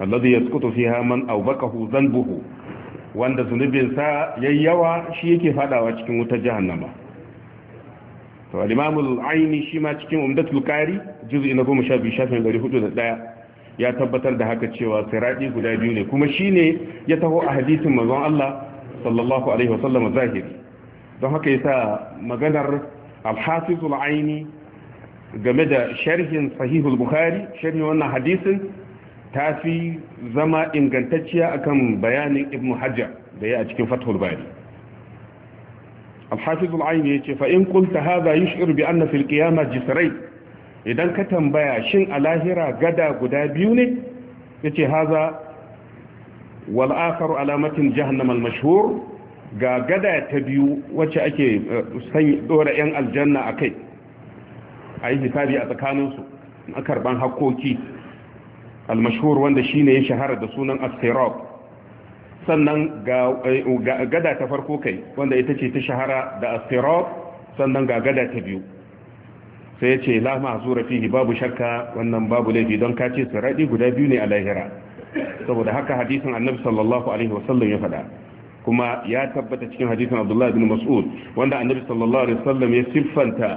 alladhi yasqutu fiha man awbakahu dhanbuhu wanda zunubin sa yayyawa shi yake fadawa cikin wutar jahannama to al-imam al-aini shi ma cikin umdatul qari juz'i na 12 shafin 401 ya tabbatar da haka cewa siradi guda biyu ne kuma shine ya taho a hadisin manzon Allah sallallahu alaihi wasallam zahiri don haka yasa maganar al-hafiz al-aini game da sharhin sahihul bukhari sharhin wannan hadisin ta fi zama ingantacciya akan bayanin ibn hajjar da ya a cikin fathul bari alhafiz al'ayin ya ce fa'in kulta haza yi shi'ir bi anna fil qiyama idan ka tambaya shin a lahira gada guda biyu ne ya ce haza wal'akar alamatin jahannamal mashhur ga gada ta biyu wacce ake eh, dora 'yan aljanna a kai a yi hisabi a tsakaninsu na karban hakoki. al-mashhur wanda shine ya shahara da sunan as sannan eh, ga gada ta farko kai wanda ita ce ta shahara da as sannan ga gada ta biyu sai ya ce la ma'zura fihi babu shakka wannan babu laifi don ka ce siradi guda biyu ne a lahira saboda haka hadisin annabi sallallahu alaihi wasallam ya faɗa kuma ya tabbata cikin hadisin abdullah bin mas'ud wanda annabi sallallahu alaihi wasallam ya siffanta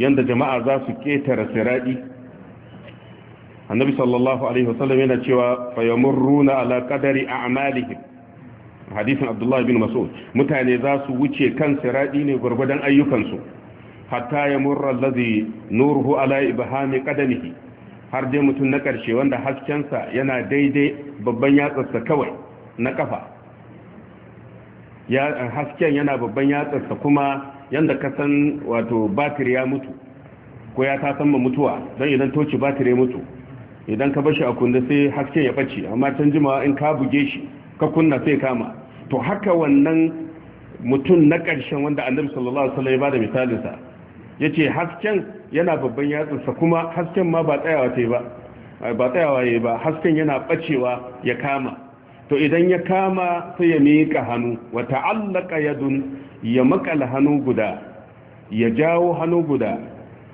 yanda jama'a za su ketara siradi annabi sallallahu alaihi wasallam yana cewa fayamurruna ala qadari a'malihim hadisin abdullahi bin mas'ud mutane za su wuce kan siradi ne gurgudan ayyukansu hatta yamurra allazi nuruhu ala ibhami qadamihi har dai mutum na karshe wanda haskensa yana daidai babban yatsarsa kawai na kafa ya hasken yana babban yatsarsa kuma yanda ka san wato batir ya mutu ko ya ta san mutuwa don idan toci batir ya mutu idan ka bashi a kunna sai haske ya bace amma can jima in ka buge shi ka kunna sai kama to haka wannan mutum na ƙarshen wanda annabi sallallahu alaihi wasallam ya bada misalin sa yace hasken yana babban sa kuma hasken ma ba tsayawa ta ba ba tsayawa yayi ba hasken yana bacewa ya kama to idan ya kama sai ya miƙa hannu wa ta'allaka yadun ya makala hannu guda ya jawo hannu guda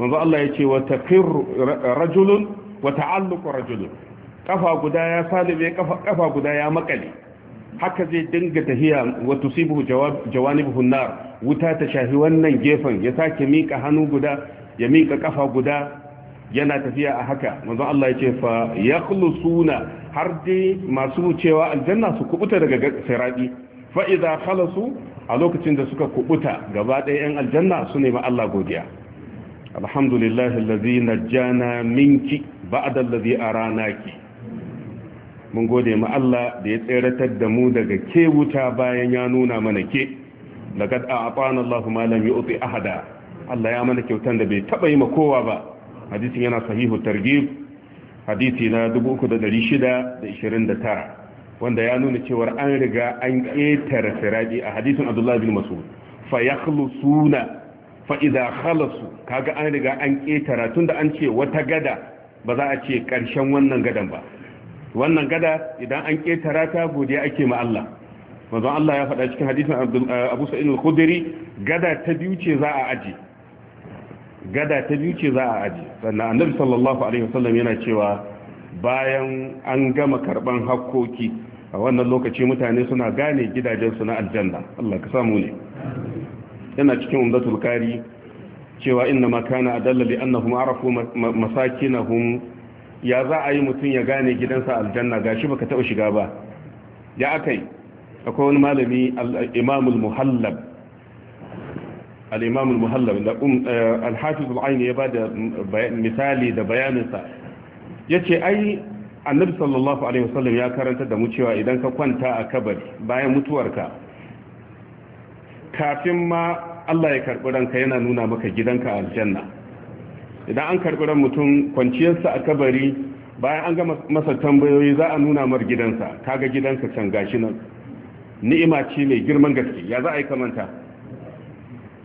manzo Allah ya ce wa taqir rajulun wata ta'alluqu rajul kafa guda ya salime kafa guda ya makale haka zai dinga tafiya wa tusibu jawani nar wuta ta shafi wannan gefen ya sake mika hannu guda ya miƙa kafa guda yana tafiya a haka manzon Allah ya ce fa suna har dai masu wucewa aljanna su kubuta daga siradi fa'iza idza su a lokacin da suka kubuta gaba ɗaya yan aljanna su nemi Allah godiya Alhamdu لله الذي نجانا منك بعد الذي أراناك mun gode ma Allah da ya tseratar da mu daga kewuta bayan ya nuna mana ke laqad a'tana Allahu ma lam yu'ti ahada Allah ya mana kyautan da bai taɓa yi ma kowa ba hadisin yana sahihu targhib hadisi na 3629 wanda ya nuna cewar an riga an ƙetare siradi a hadisin Abdullah bin Mas'ud fa yakhlusuna fa'iza khalasu kaga an riga an ƙetara tunda an ce wata gada ba za a ce ƙarshen wannan gadan ba wannan gada idan an ƙetara ta godiya ake ma Allah manzon Allah ya faɗa cikin hadisin eh, Abu Sa'id al-Khudri gada ta biyu ce za a aje gada ta biyu ce za a aje sannan Annabi sallallahu alaihi wasallam yana cewa bayan an gama karban hakkoki a wannan lokaci mutane suna gane gidajensu na aljanna Allah ka samu ne yana cikin umdatul kari cewa inna ma kana adalla li annahum arafu masakinahum ya za a yi mutum ya gane gidansa aljanna gashi baka taba shiga ba ya akai akwai wani malami al-imam al-muhallab al-imam muhallab da um, eh, al-hafiz al-aini ya bada misali da bayaninsa yace ai annabi sallallahu alaihi wasallam ya karanta da mu cewa idan ka kwanta a kabari bayan mutuwarka kafin ma Allah ya karɓi ranka yana nuna maka gidanka a aljanna idan an karɓi ran mutum kwanciyarsa a kabari bayan an ga masa tambayoyi za a nuna mar gidansa kaga gidanka can gashi nan ni'ima ce mai girman gaske ya za a yi kamanta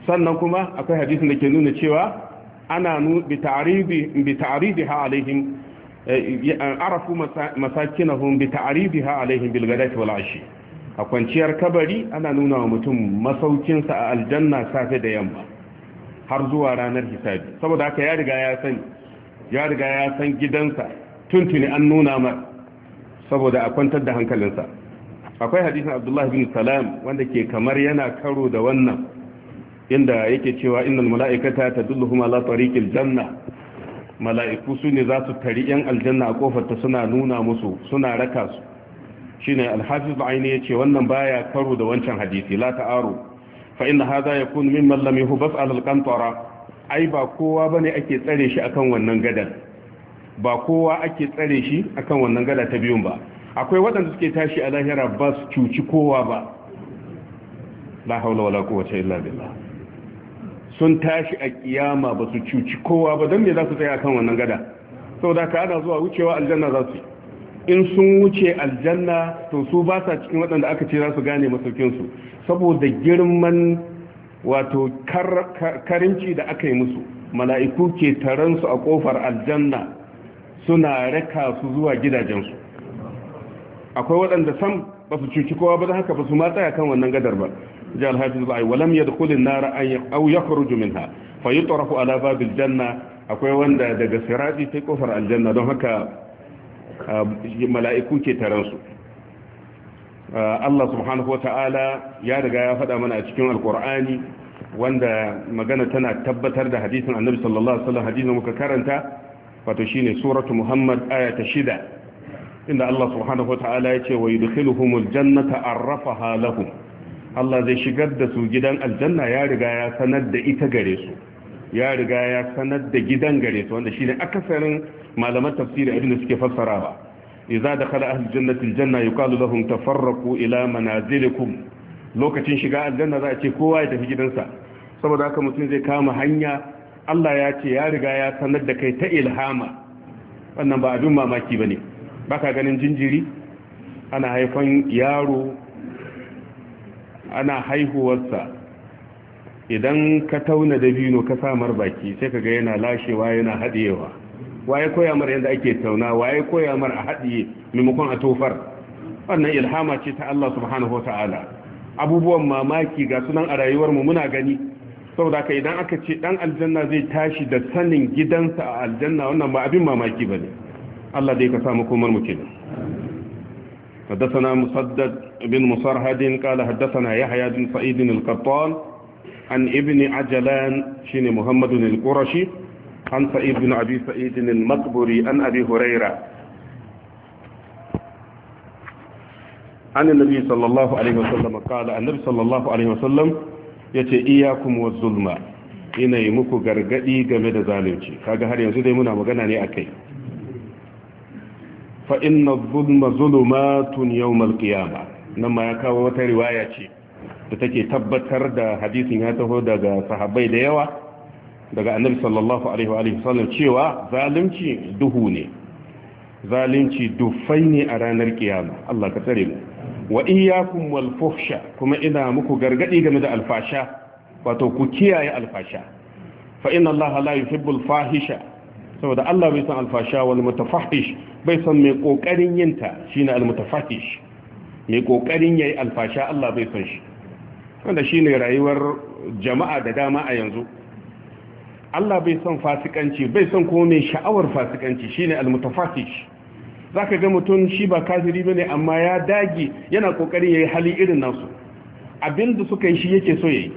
sannan kuma akwai hadisin da ke nuna cewa ana bi ha alaihim eh, arafu masakinahum bi ha alaihim bil ghadati wal ashi a kwanciyar kabari ana nuna wa mutum masaukinsa a aljanna safe da yamma har zuwa ranar hisabi saboda haka ya riga ya san ya riga ya san gidansa tuntuni an nuna ma saboda a kwantar da hankalinsa akwai hadisin abdullahi bin salam wanda ke kamar yana karo da wannan inda yake cewa innal mala'ikata tadulluhum ala tariqil janna mala'iku sune za su tari yan aljanna a kofar ta suna nuna musu suna raka su shine al-hafiz aini yace wannan baya karo da wancan hadisi la ta'aru fa inna hadha yakunu mimman lam yuhbas al-qantara ai ba kowa bane ake tsare shi akan wannan gadal ba kowa ake tsare shi akan wannan gada ta biyun ba akwai waɗanda suke tashi a lahira ba su cuci kowa ba la haula wala quwwata illa billah sun tashi a kiyama ba su cuci kowa ba dan me za su tsaya akan wannan gada saboda ka ana zuwa wucewa aljanna za su yi in sun wuce aljanna to su ba sa cikin waɗanda aka ce za su gane masaukinsu saboda girman wato karinci da aka yi musu mala'iku ke taransu a ƙofar aljanna suna raka su zuwa gidajensu akwai waɗanda sam ba su cuci kowa ba haka ba su ma tsaya kan wannan gadar ba jihar alhaji ba'ai walam ya dukulin nara an ya faruju ha fa yi ala babil janna akwai wanda daga siraji ta kofar aljanna don haka mala'iku ke taransu Allah subhanahu wa ta'ala ya riga ya faɗa mana a cikin alkur'ani wanda magana tana tabbatar da hadisin annabi sallallahu alaihi wasallam hadisin muka karanta wato shine suratu muhammad aya ta shida inda Allah subhanahu wataala ya ce wa yudkhiluhumul jannata arrafaha lahum Allah zai shigar da su gidan aljanna ya riga ya sanar da ita gare su ya riga ya sanar da gidan gare su wanda shine akasarin malaman tafsiri abin da suke fassarawa idza dakhala ahlul jannati aljanna yuqalu lahum tafarraqu ila manazilikum lokacin shiga aljanna za a ce kowa ya tafi gidansa saboda haka mutum zai kama hanya Allah ya ce ya riga ya sanar da kai ta ilhama wannan ba abin mamaki bane baka ganin jinjiri ana haifan yaro ana haihuwarsa idan ka tauna dabino ka samar baki sai ka ga yana lashewa yana hadiyewa waye koya mar yadda ake tauna waye koya mar a haɗiye maimakon a tofar wannan ilhama ce ta Allah subhanahu wa ta'ala abubuwan mamaki ga sunan a rayuwarmu muna gani saboda ka idan aka ce dan aljanna zai tashi da sanin gidansa a aljanna wannan ba abin mamaki ba ne Allah dai ka samu komar mu kenan حدثنا مسدد بن مصرهد قال حدثنا يحيى بن سعيد القطان عن ابن عجلان شين محمد القرشي عن سعيد بن أبي سعيد المقبري عن أبي هريرة عن النبي صلى الله عليه وسلم قال النبي صلى الله عليه وسلم يتي wa zulma ina yi muku gargadi game da zalunci kaga har yanzu dai muna magana ne akai fa inna zulma zulumatun yawmal qiyama nan ma ya kawo wata riwaya ce da take tabbatar da hadisin ya taho daga sahabbai da yawa daga annabi sallallahu alaihi wa alihi sallam cewa zalunci duhu ne zalunci dufai ne a ranar kiyama Allah ka tsare mu wa iyyakum wal fuhsha kuma ina muku gargadi game da alfasha wato ku kiyaye alfasha fa inna Allah la yuhibbu al fahisha saboda Allah bai san alfasha wal mutafahish bai san mai kokarin yinta shine al mutafahish mai kokarin yayi alfasha Allah bai san shi wanda shine rayuwar jama'a da dama a yanzu Allah bai son fasikanci bai son kuma mai sha'awar fasikanci shine almutafasish zaka ga mutum shi ba kafiri bane amma ya dagi yana kokari yi hali irin nasu abinda suka yi shi yake so ya yi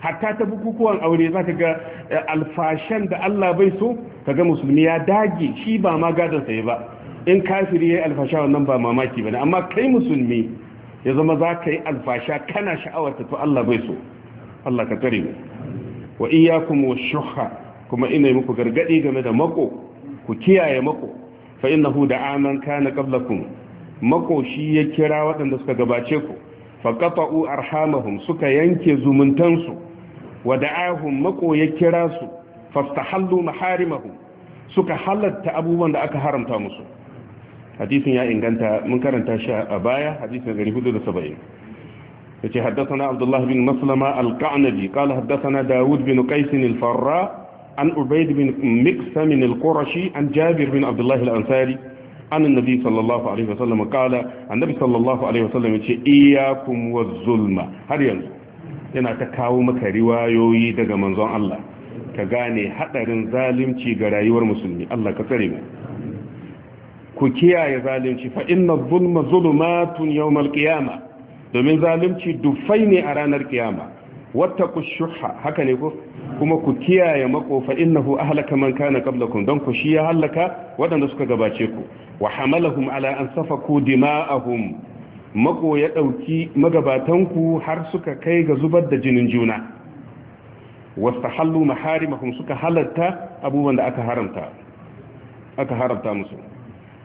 hatta ta bukukuwan aure zaka ga eh, alfashan da Allah bai so ka ga musulmi ya dage shi ba ma gadan ya ba in kafiri yayi alfasha wannan ba mamaki ba ne amma kai musulmi ya zama za ka yi alfasha kana sha'awar ta to Allah bai so Allah ka tsare mu wa iyyakum washuhha kuma ina muku gargaɗi game da mako ku kiyaye mako fa innahu da'aman kana qablakum mako shi ya kira waɗanda suka gabace ku fa qata'u arhamahum suka yanke zumuntansu wa da'ahum mako ya kira su fastahallu maharimahum suka halatta abubuwan da aka haramta musu hadisin ya inganta mun karanta shi a baya hadisin 470 yace haddathana abdullah bin maslama al-qanabi qala haddathana daud bin qais farra an Ubaid bin miksam al-qurashi an jabir bin abdullah al-ansari an annabi sallallahu alaihi wasallam qala annabi sallallahu alaihi wasallam yace iyyakum waz-zulma har yanzu yana ta kawo maka riwayoyi daga manzon Allah ka gane hadarin zalunci ga rayuwar musulmi Allah ka tsare mu ku kiyaye zalunci fa inna zulma tun yawmal qiyamah domin zalunci dufai ne a ranar kiyama wata ku shuha haka ne ko kuma ku kiyaye makofa innahu ahlaka man kana qablakum don ku shi ya halaka waɗanda suka gabace ku wa hamalahum ala an safaku dima'ahum mako ya dauki ku har suka kai ga zubar da jinin juna wastahallu maharimahum suka halatta abubuwan da aka haramta aka haramta musu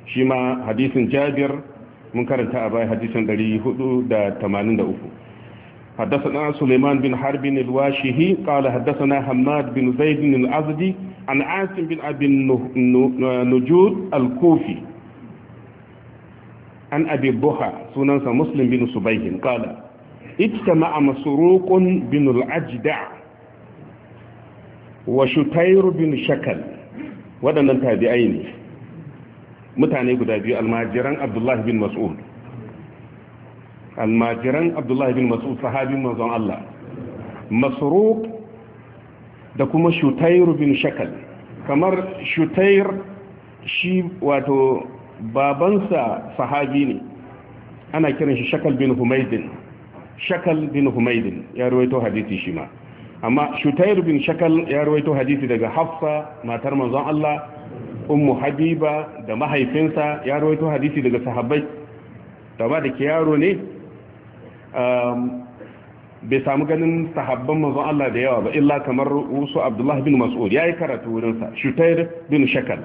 shi ma hadisin Jabir mun karanta a bayan hadisin 483 haddasa suleiman bin harbin alwashihi kawai haddasa na hamad bin zaidin al'azadi an bin abin nujud al-kofi an abi buha sunansa muslim bin subaihin kala ittama a masurukun bin al'ajida wa shutairu bin shakal waɗannan tabi'ai ne mutane guda biyu almajiran abdullahi bin mas'ud almajiran abdullahi bin mas'ud sahabin manzon Allah masruq da kuma shutairu bin shakal kamar shutair shi wato babansa sahabi ne ana kiran shi shakal bin humaydin shakal bin humaydin ya rawaito hadisi shi ma amma shutair bin shakal ya rawaito hadisi daga hafsa matar manzon Allah ummu habiba da mahaifinsa ya rawaito hadisi daga sahabbai ba da ke yaro ne um, bai samu ganin sahabban manzon Allah da yawa ba illa kamar wasu Abdullahi bin Mas'ud yayi karatu wurin sa Shutair bin Shakal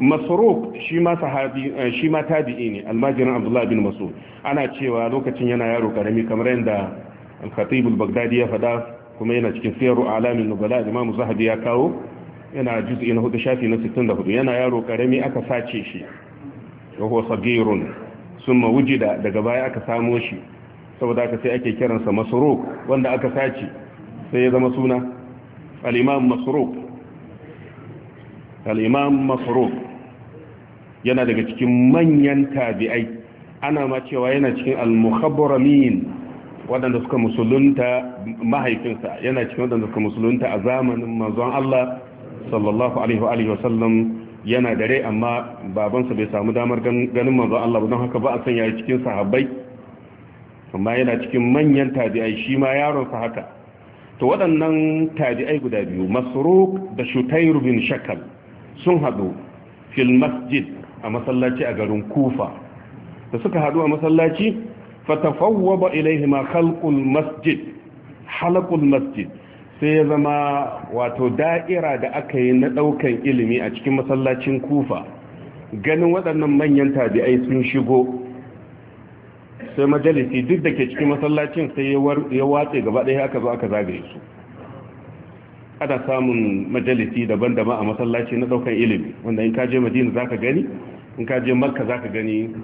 Masruq shi ma sahabi eh, shi ma tabi'i ne almajirin Abdullahi bin Mas'ud ana cewa lokacin yana yaro karami kamar yadda al-Khatib al-Baghdadi ya fada kuma yana cikin siyaru alamin nubala Imam Zahabi ya kawo yana juz'i na hudu shafi na 64 yana yaro karami aka sace shi wa huwa sagirun summa wujida daga baya aka samo shi saboda aka sai ake kiransa masruq wanda aka sace sai ya zama suna al-imam masruq al-imam masruq yana daga cikin manyan tabi'ai ana ma cewa yana cikin al waɗanda suka musulunta mahaifinsa yana cikin waɗanda suka musulunta a zamanin manzon Allah sallallahu alaihi wa sallam yana da rai amma babansa bai samu damar ganin manzon Allah ba don haka ba a sanya cikin sahabbai amma yana cikin manyan tabi'ai shi ma yaron sa haka to waɗannan tabi'ai guda biyu masruq da shutayr bin shakal sun haɗu fil masjid a masallaci a garin kufa da suka haɗu a masallaci fatafawwaba ilaihima khalqul masjid halaqul masjid sai ya zama wato da'ira da aka yi na ɗaukan ilimi a cikin masallacin kufa ganin waɗannan manyan tabi'ai sun shigo sai majalisi duk da ke cikin masallacin sai ya watse gaba ɗaya aka zo aka zagaye su ana samun majalisi daban-daban a masallaci na ɗaukan ilimi wanda in ka je madina za ka gani in ka je makka za ka gani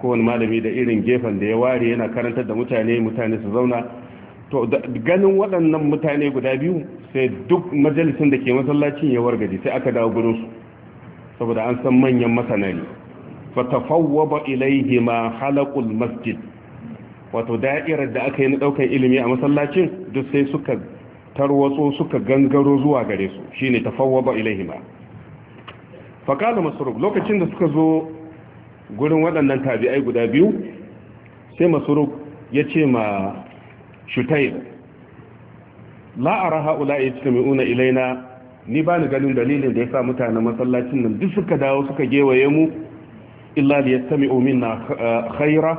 kowane malami da irin gefen da ya ware yana karantar da mutane mutane su zauna to ganin waɗannan mutane guda biyu sai duk majalisun da ke masallacin ya wargaje sai aka dawo gurin su saboda an san manyan masana ne fa tafawwaba ilaihi ma halaqul masjid wato da'irar da aka yi na ɗaukar ilimi a masallacin duk sai suka tarwatso suka gangaro zuwa gare su shine tafawwaba ilaihi ma fa kana masruk lokacin da suka zo gurin waɗannan tabi'ai guda biyu sai masruk ya ce ma shutaib la ara mai una ilaina ni bani ganin dalilin da ya sa mutanen masallacin nan duk suka dawo suka gewaye mu illa liyastami'u na khaira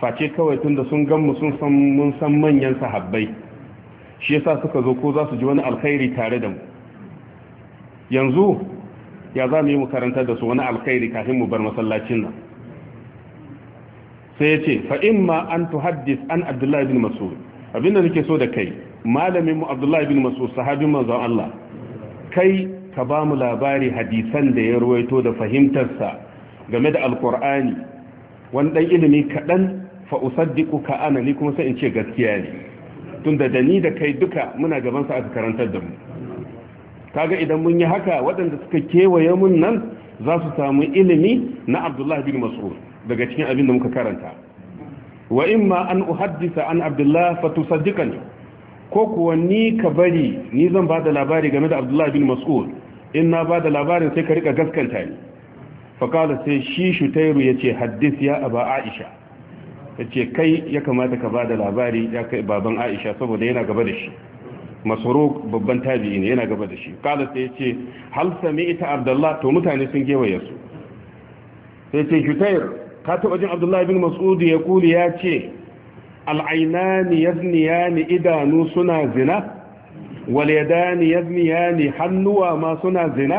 face kawai tunda sun gan mu sun san mun san manyan sahabbai shi yasa suka zo ko za su ji wani alkhairi tare da mu yanzu ya za mu yi mu karanta da su wani alkhairi kafin mu bar masallacin nan sai ya ce fa in ma an tuhaddis an abdullahi bin mas'ud abinda nake so da kai malamin mu abdullahi bin mas'ud sahabin manzon Allah kai ka ba mu labari hadisan da ya ruwaito da fahimtarsa game da alkur'ani wani dan ilimi kaɗan fa usaddiqu ka ana ni kuma sai in ce gaskiya ne tunda da ni da kai duka muna gaban sa aka karantar da mu kaga idan mun yi haka waɗanda suka kewaye mun nan za su samu ilimi na Abdullahi bin Mas'ud daga cikin abin da muka karanta wa imma an uhaddisa an abdullah fa tusaddiqani ko kuwa ni ka bari ni zan ba da labari game da abdullah bin mas'ud in na ba da labarin sai ka rika gaskanta ni fa kala sai shi shutairu yace haddis ya aba aisha yace kai ya kamata ka ba da labari ya kai baban aisha saboda yana gaba da shi masoro babban tabi'i ne yana gaba da shi kala sai ya ce hal sami ita to mutane sun gewaye su sai ce ka taɓa jin abdullahi bin Mas'udu ya kuli ya ce al'ainani yazniyani idanu suna zina wal yadani yazniyani hannuwa ma suna zina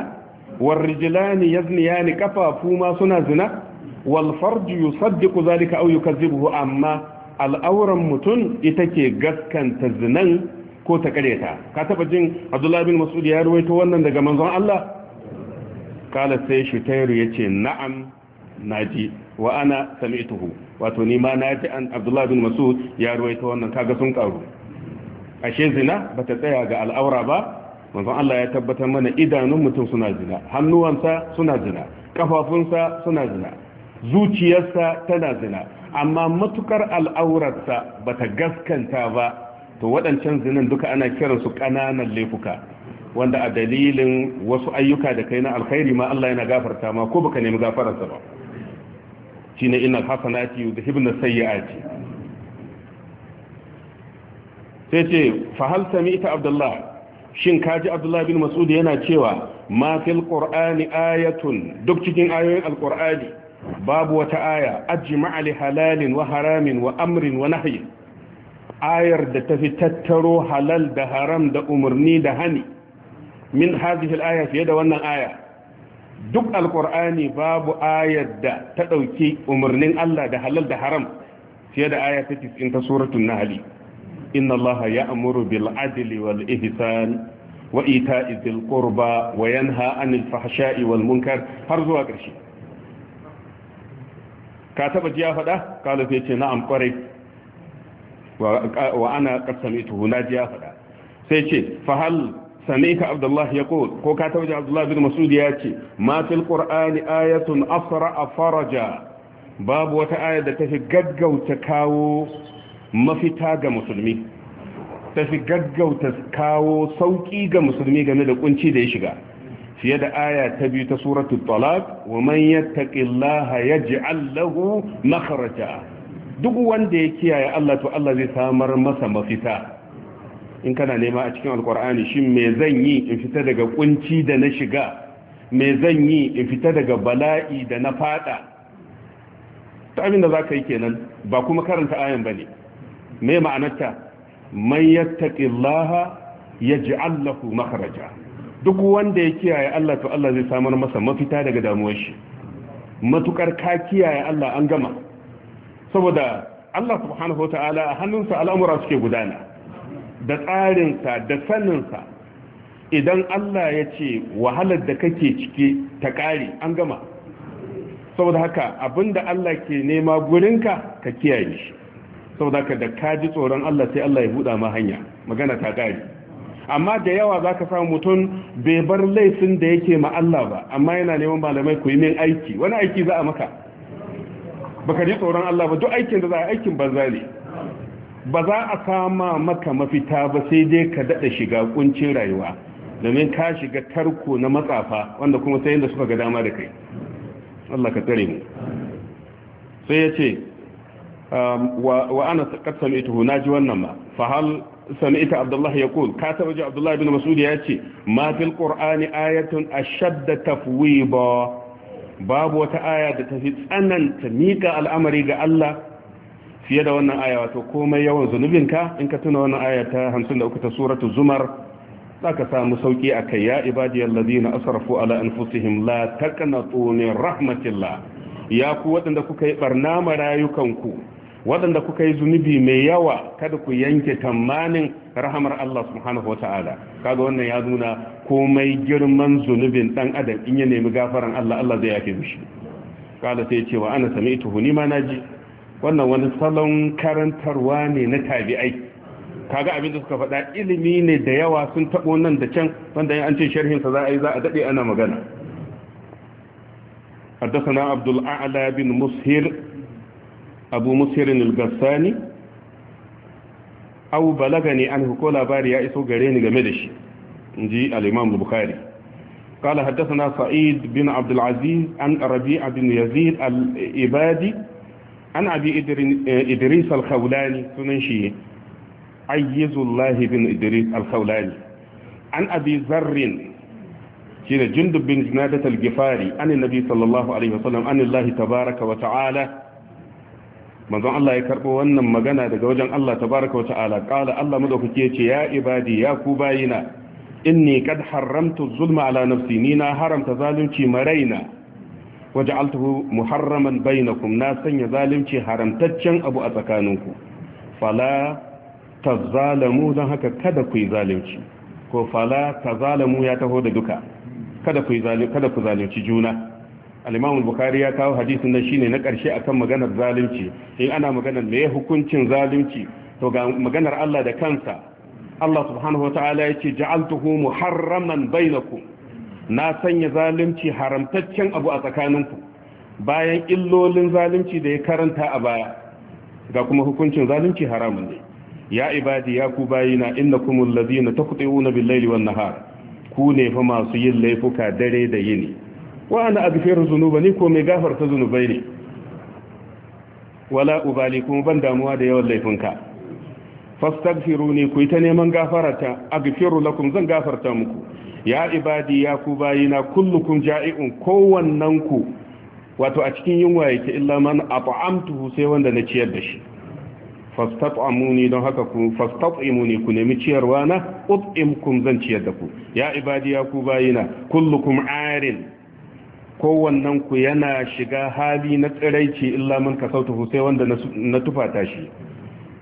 wal rijlani yazniyani kafafu ma suna zina wal farju saddiku zalika aw zibuhu amma al'auran mutum ita ke gaskanta zinan ko ta kareta ka taba jin abdullahi bin Mas'udu ya ruwaito wannan daga manzon Allah kala sai shutairu yace na'am naji wa ana sami'tuhu wato ni ma naji an Abdullahi bin Mas'ud ya ruwaita wannan kaga sun karu ashe zina bata tsaya ga al'aura ba manzon Allah ya tabbatar mana idanun mutum suna zina hannuwansa suna zina kafafunsa suna zina zuciyarsa tana zina amma matukar al'aurarsa bata gaskanta ba to waɗancan zinan duka ana kiransu ƙananan laifuka wanda a dalilin wasu ayyuka da kai na alkhairi ma Allah yana gafarta ma ko baka nemi gafararsa ba shine innal hasanati yudhibna sayyi'ati sai ce fa hal sami'ta abdullah shin kaji abdullah bin mas'ud yana cewa ma fil qur'ani ayatun duk cikin ayoyin alqur'ani babu wata aya ajma'a li halalin wa haramin wa amrin wa nahyin ayar da tafi tattaro halal da haram da umarni da hani min hadhihi al-aya fiye da wannan aya duk alkur'ani babu ayar da ta ɗauki umarnin Allah da halal da haram fiye da aya ta cikin ta suratun nahali inna allaha ya'muru bil adli wal ihsan wa ita'i dhil qurba wa yanha 'anil fahsha'i wal munkar har zuwa ƙarshe ka taba ji ya faɗa kala sai ce na'am kwarai wa ana qasamitu na ji ya faɗa sai ce fa hal سمعت عبد الله يقول كو كاتب عبد الله بن مسعود ياتي ما في القرآن آية أسرع فرجا باب وتآية تفي قدقو تكاو mafita ga musulmi ta fi gaggauta kawo sauƙi ga musulmi game da ƙunci da ya shiga fiye da aya ta biyu ta suratu talaq wa man yattaqillaha yaj'al Allahu makhraja duk wanda ya kiyaye Allah to Allah zai samar masa mafita in kana nema a cikin alkur'ani shin me zan yi in fita daga kunci da na shiga me zan yi in fita daga bala'i da na fada ta abin da za ka yi kenan ba kuma karanta ayan ba ne me ma'anarta man ya yaj'al lahu duk wanda ya kiyaye Allah to Allah zai samar masa mafita daga damuwar shi matukar ka kiyaye Allah an gama saboda Allah subhanahu a hannunsa al'amura suke gudana da tsarinsa da saninsa idan Allah ya ce wahalar da kake ciki ta ƙare an gama saboda haka abinda Allah ke nema gurinka ka kiyaye shi saboda haka da ka ji tsoron Allah sai Allah ya buɗa ma hanya magana ta ƙare amma da yawa za ka samu mutum bai bar laifin da yake ma Allah ba amma yana neman malamai ku yi min aiki wani aiki za a maka baka ji tsoron Allah ba duk aikin da za a aikin banza ne ba za a kama maka mafita ba sai dai ka daɗa shiga kuncin rayuwa domin ka shiga tarko na matsafa wanda kuma sai yadda suka ga dama da kai Allah ka tsare mu sai ya ce um, wa ana kad sami'tu hu naji wannan ba. fa hal Abdullahi ya yaqul ka taba ji Abdullahi bin Mas'ud ya ce ma fil qur'ani ayatun ashadda tafwiba babu wata aya da ta fi tsananta miƙa al'amari ga Allah fiye da wannan aya wato komai yawan zunubinka in ka tuna wannan aya ta 53 ta suratu zumar za ka samu sauki a kai ya ibadiyar lazina asrafu ala anfusihim la taqnatu min rahmatillah ya ku waɗanda kuka yi barna marayukanku waɗanda kuka yi zunubi mai yawa kada ku yanke tamanin rahamar Allah subhanahu wata'ala kaga wannan ya nuna komai girman zunubin dan adam in ya nemi gafaran Allah Allah zai yafe mishi kala sai cewa ana sami'tuhu ni ma naji wannan wani salon karantarwa ne na tabi'ai kaga abin da suka faɗa ilimi ne da yawa sun taɓo nan da can wanda ya an ce sharhin za a yi za a daɗe ana magana haddasana abdul a'la bin mushir abu mushir nil gassani abu balaga ne an hukko labari ya iso gare ni game da shi in ji al'imam bukhari قال حدثنا سعيد بن عبد العزيز عن ربيع بن Al-Ibadi. an bi idris al-khawlani sunan shi ayyizullahi bin idris al-khawlani an abi zarrin shi ne jundub bin jinadat al-gifari an nabi sallallahu alaihi wasallam an allahi tabaraka wa ta'ala manzon Allah ya karbo wannan magana daga wajen Allah tabaraka wa ta'ala qala Allah madaukake ce ya ibadi ya ku bayina inni qad haramtu zulma ala nafsi ni na haramta zalunci maraina waj'altuhu muharraman bainakum na sanya zalunci haramtaccen abu a tsakaninku fala tazalamu don haka kada ku yi zalunci ko fala tazalamu ya taho da duka kada ku zalunci kada ku zalunci juna al-Imam bukhari ya kawo hadisin nan shine na ƙarshe akan maganar zalunci in ana maganar me hukuncin zalunci to ga maganar Allah da kansa Allah subhanahu wa ta'ala yace ja'altuhu muharraman bainakum na sanya zalunci haramtaccen abu a tsakaninku bayan illolin zalunci da ya karanta a baya ga kuma hukuncin zalunci haramun ne ya ibadi ya ku bayina innakumul ladina taqti'una bil laili wan nahar ku ne fa masu yin laifuka dare da yini wa ana aghfiru dhunuba ni ko mai gafarta zunubai ne wala ubali kuma ban damuwa da yawan laifinka fastaghfiruni ku ta neman gafarata aghfiru lakum zan gafarta muku ya ibadi ya ku bayina kullukum ja'i'un kowannen ku wato a cikin yunwa yake illa man at'amtuhu sai wanda na ciyar da shi fastat'amuni don haka ku fastat'imuni ku nemi ciyarwa na ut'imkum zan ciyar da ku ya ibadi ya ku bayina kullukum arin kowannen ku yana shiga hali na tsiraici illa man kasautuhu sai wanda na tufata shi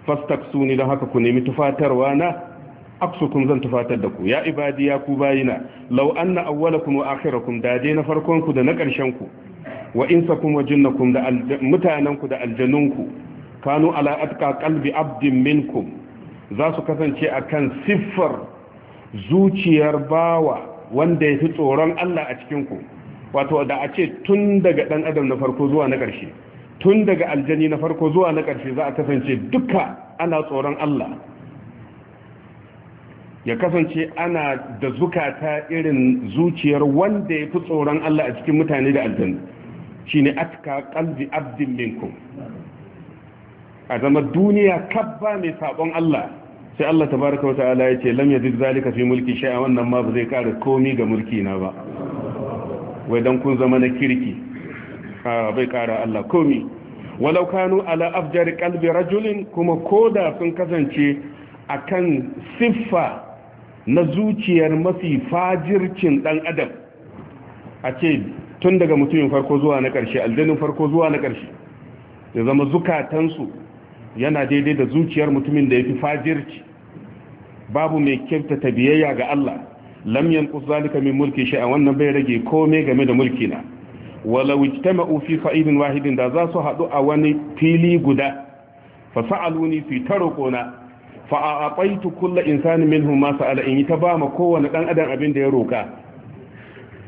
fastaksuni don haka ku nemi tufatarwa na aksukum zan tufatar da ku ya ibadi ya ku bayina law anna awwalakum wa akhirakum da dai na farkon ku da na karshen ku wa insakum wa jinnakum da mutanen ku da aljanun ku kanu ala atqa qalbi abdin minkum za su kasance akan siffar zuciyar bawa wanda ya fi tsoron Allah a cikin ku wato da a ce tun daga dan adam na farko zuwa na karshe tun daga aljani na farko zuwa na karshe za a kasance duka ana tsoron Allah ya kasance ana da zukata irin zuciyar wanda ya fi tsoron Allah a cikin mutane da aljanna shine atka qalbi abdin minkum a zama duniya kabba mai sabon Allah sai Allah tabaraka wata'ala ya ce lam yazid zalika fi mulki shay'a wannan ma ba zai kara komi ga mulki na ba wai dan kun zama na kirki bai kara Allah komi walau kanu ala afjar qalbi rajulin kuma ko da sun kasance akan siffa na zuciyar mafi fajircin ɗan adam a ce tun daga mutumin farko zuwa na ƙarshe aljanin farko zuwa na ƙarshe ya zama zukatansu yana daidai da zuciyar mutumin da ya fi fajirci babu mai ta biyayya ga Allah Lamyan yanqus mai mulki mulki a wannan bai rage komai game da mulki na walau ijtama'u fi fa'idin wahidin da za su haɗu a wani fili guda fasa'aluni sa'aluni fi roƙona. fa a abaitu kulla insani minhu ma sa'ala in ta ba ma kowane ɗan adam abin da ya roka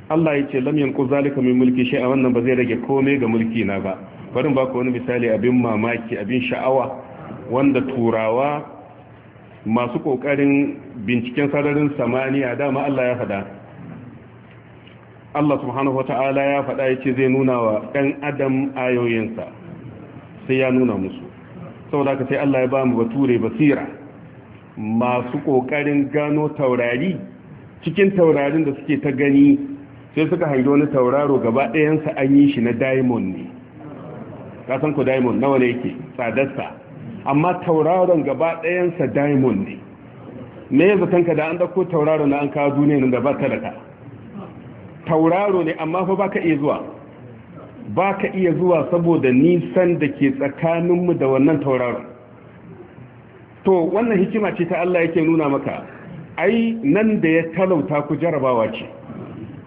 Allah ya ce lam yanqu zalika min mulki shi a wannan ba zai rage komai ga mulki na ba barin ba ku wani misali abin mamaki abin sha'awa wanda turawa masu ƙoƙarin binciken sararin samaniya dama Allah ya faɗa Allah subhanahu ta'ala ya faɗa ya ce zai nuna wa ɗan adam ayoyinsa sai ya nuna musu saboda ka sai Allah ya ba mu bature basira masu ƙoƙarin gano taurari cikin taurarin da suke ta gani sai suka hangi wani tauraro gaba ɗayansa an yi shi na diamond ne kasan ku diamond nawa ne yake tsadarsa amma tauraron gaba ɗayansa diamond ne me ya zaton da an ɗauko tauraro na an kawo duniya da ba ta da ka tauraro ne amma fa baka iya zuwa baka iya zuwa saboda nisan da ke tsakaninmu da wannan tauraron to wannan hikima ce ta Allah yake nuna maka ai nan da ya talauta ku jarabawa ce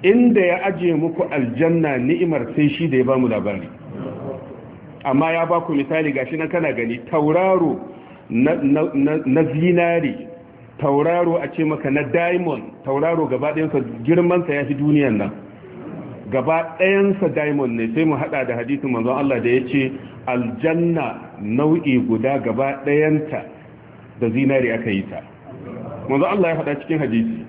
inda ya aje muku aljanna ni'imar sai shi da ya ba mu labari amma ya ba ku misali gashi nan kana gani tauraro na zinari tauraro a ce maka na diamond tauraro gaba ɗayansa girmansa ya fi duniyan nan gaba ɗayansa diamond ne sai mu haɗa da hadisin manzon Allah da ya ce aljanna nau'i guda gaba ɗayanta da zinari aka yi ta manzo Allah ya faɗa cikin hadisi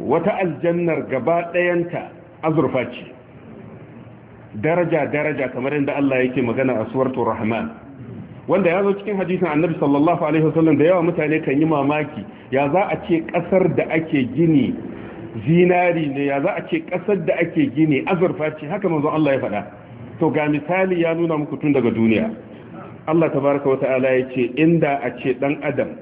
wata aljannar gaba ɗayanta azurfa ce daraja daraja kamar yadda Allah yake magana a suwartu rahman wanda ya zo cikin hadisin annabi sallallahu alaihi wasallam da yawa mutane kan yi mamaki ya za a ce ƙasar da ake gini zinari ne ya za a ce ƙasar da ake gini azurfa ce haka manzo Allah ya faɗa to ga misali ya nuna muku tun daga duniya Allah tabaraka wata'ala ya ce inda a ce dan adam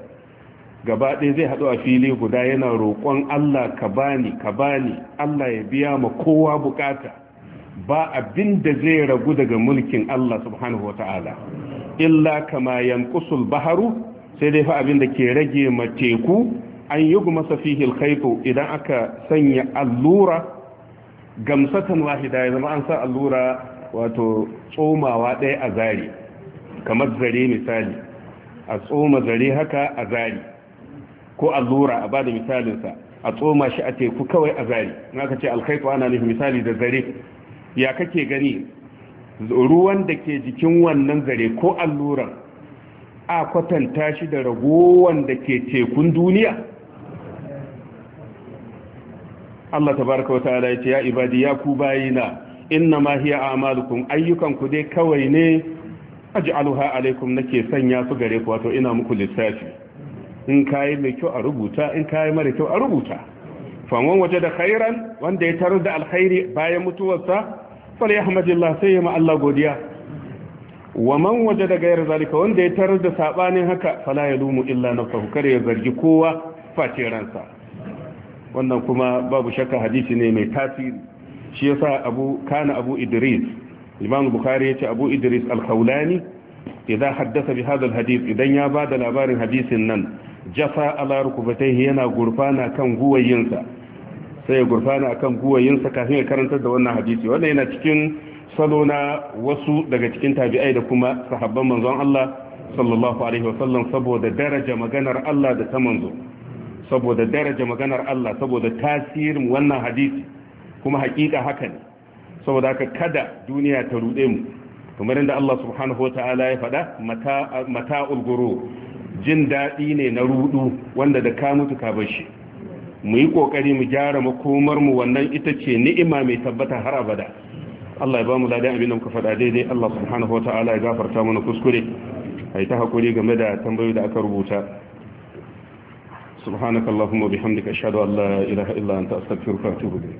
gaba ɗaya zai haɗu a fili guda yana roƙon Allah ka bani ka bani Allah ya biya ma kowa bukata ba abin da zai ragu daga mulkin Allah subhanahu wata'ala illa kama yanqusul baharu sai dai fa abin da ke rage ma teku an masa fihi alkhaytu idan aka sanya allura gamsatan wahida ya zama an sa allura wato tsomawa ɗaya a zari kamar zare misali a tsoma zare haka a zari ko allura a bada misalinsa a tsoma shi a teku kawai a zari na ka ce alkaifu ana nufi misali da zare ya kake gani ruwan da ke jikin wannan zare ko alluran a kwatanta shi da ragowan da ke tekun duniya Allah ta baraka wa ta'ala ya ce ya ibadi ya ku bayina inna ma hiya a'malukum ayyukan ku dai kawai ne aj'aluha alaikum nake sanya su gare ku wato ina muku lissafi in kayi mai kyau a rubuta in kayi mara kyau a rubuta fa waje da khairan wanda ya tarar da alkhairi bayan mutuwarsa fal yahmadillah sai ya ma Allah godiya wa man waje da zalika wanda ya tarar da sabanin haka fala yalumu illa nafsahu kare ya zargi kowa face ransa wannan kuma babu shakka hadisi ne mai tasiri shi yasa abu kana abu idris imam ya ce abu idris al-khawlani idan haddasa bi hadal hadith idan ya bada labarin hadisin nan jafa ala rukubatayhi yana gurfana kan guwayinsa sai ya gurfana kan guwayinsa kafin ya karantar da wannan hadisi wannan yana cikin salo na wasu daga cikin tabi'ai da kuma sahabban manzon Allah sallallahu alaihi wasallam saboda daraja maganar Allah da ta manzo saboda daraja maganar Allah saboda tasirin wannan hadisi kuma hakika haka ne saboda haka kada duniya ta rude mu kamar inda Allah subhanahu wa ta'ala ya faɗa mata'ul guru jin daɗi ne na rudu wanda da ka mutu ka bashi, mu yi kokari mu gyara makomar mu wannan ita ce ni'ima mai tabbata har abada Allah ya ba mu ladan abin da muka faɗa daidai Allah subhanahu wa ta'ala ya gafarta mana kuskure ai ta haƙuri game da tambayoyi da aka rubuta سبحانك اللهم وبحمدك أشهد أن لا إله إلا أنت أستغفرك وأتوب إليك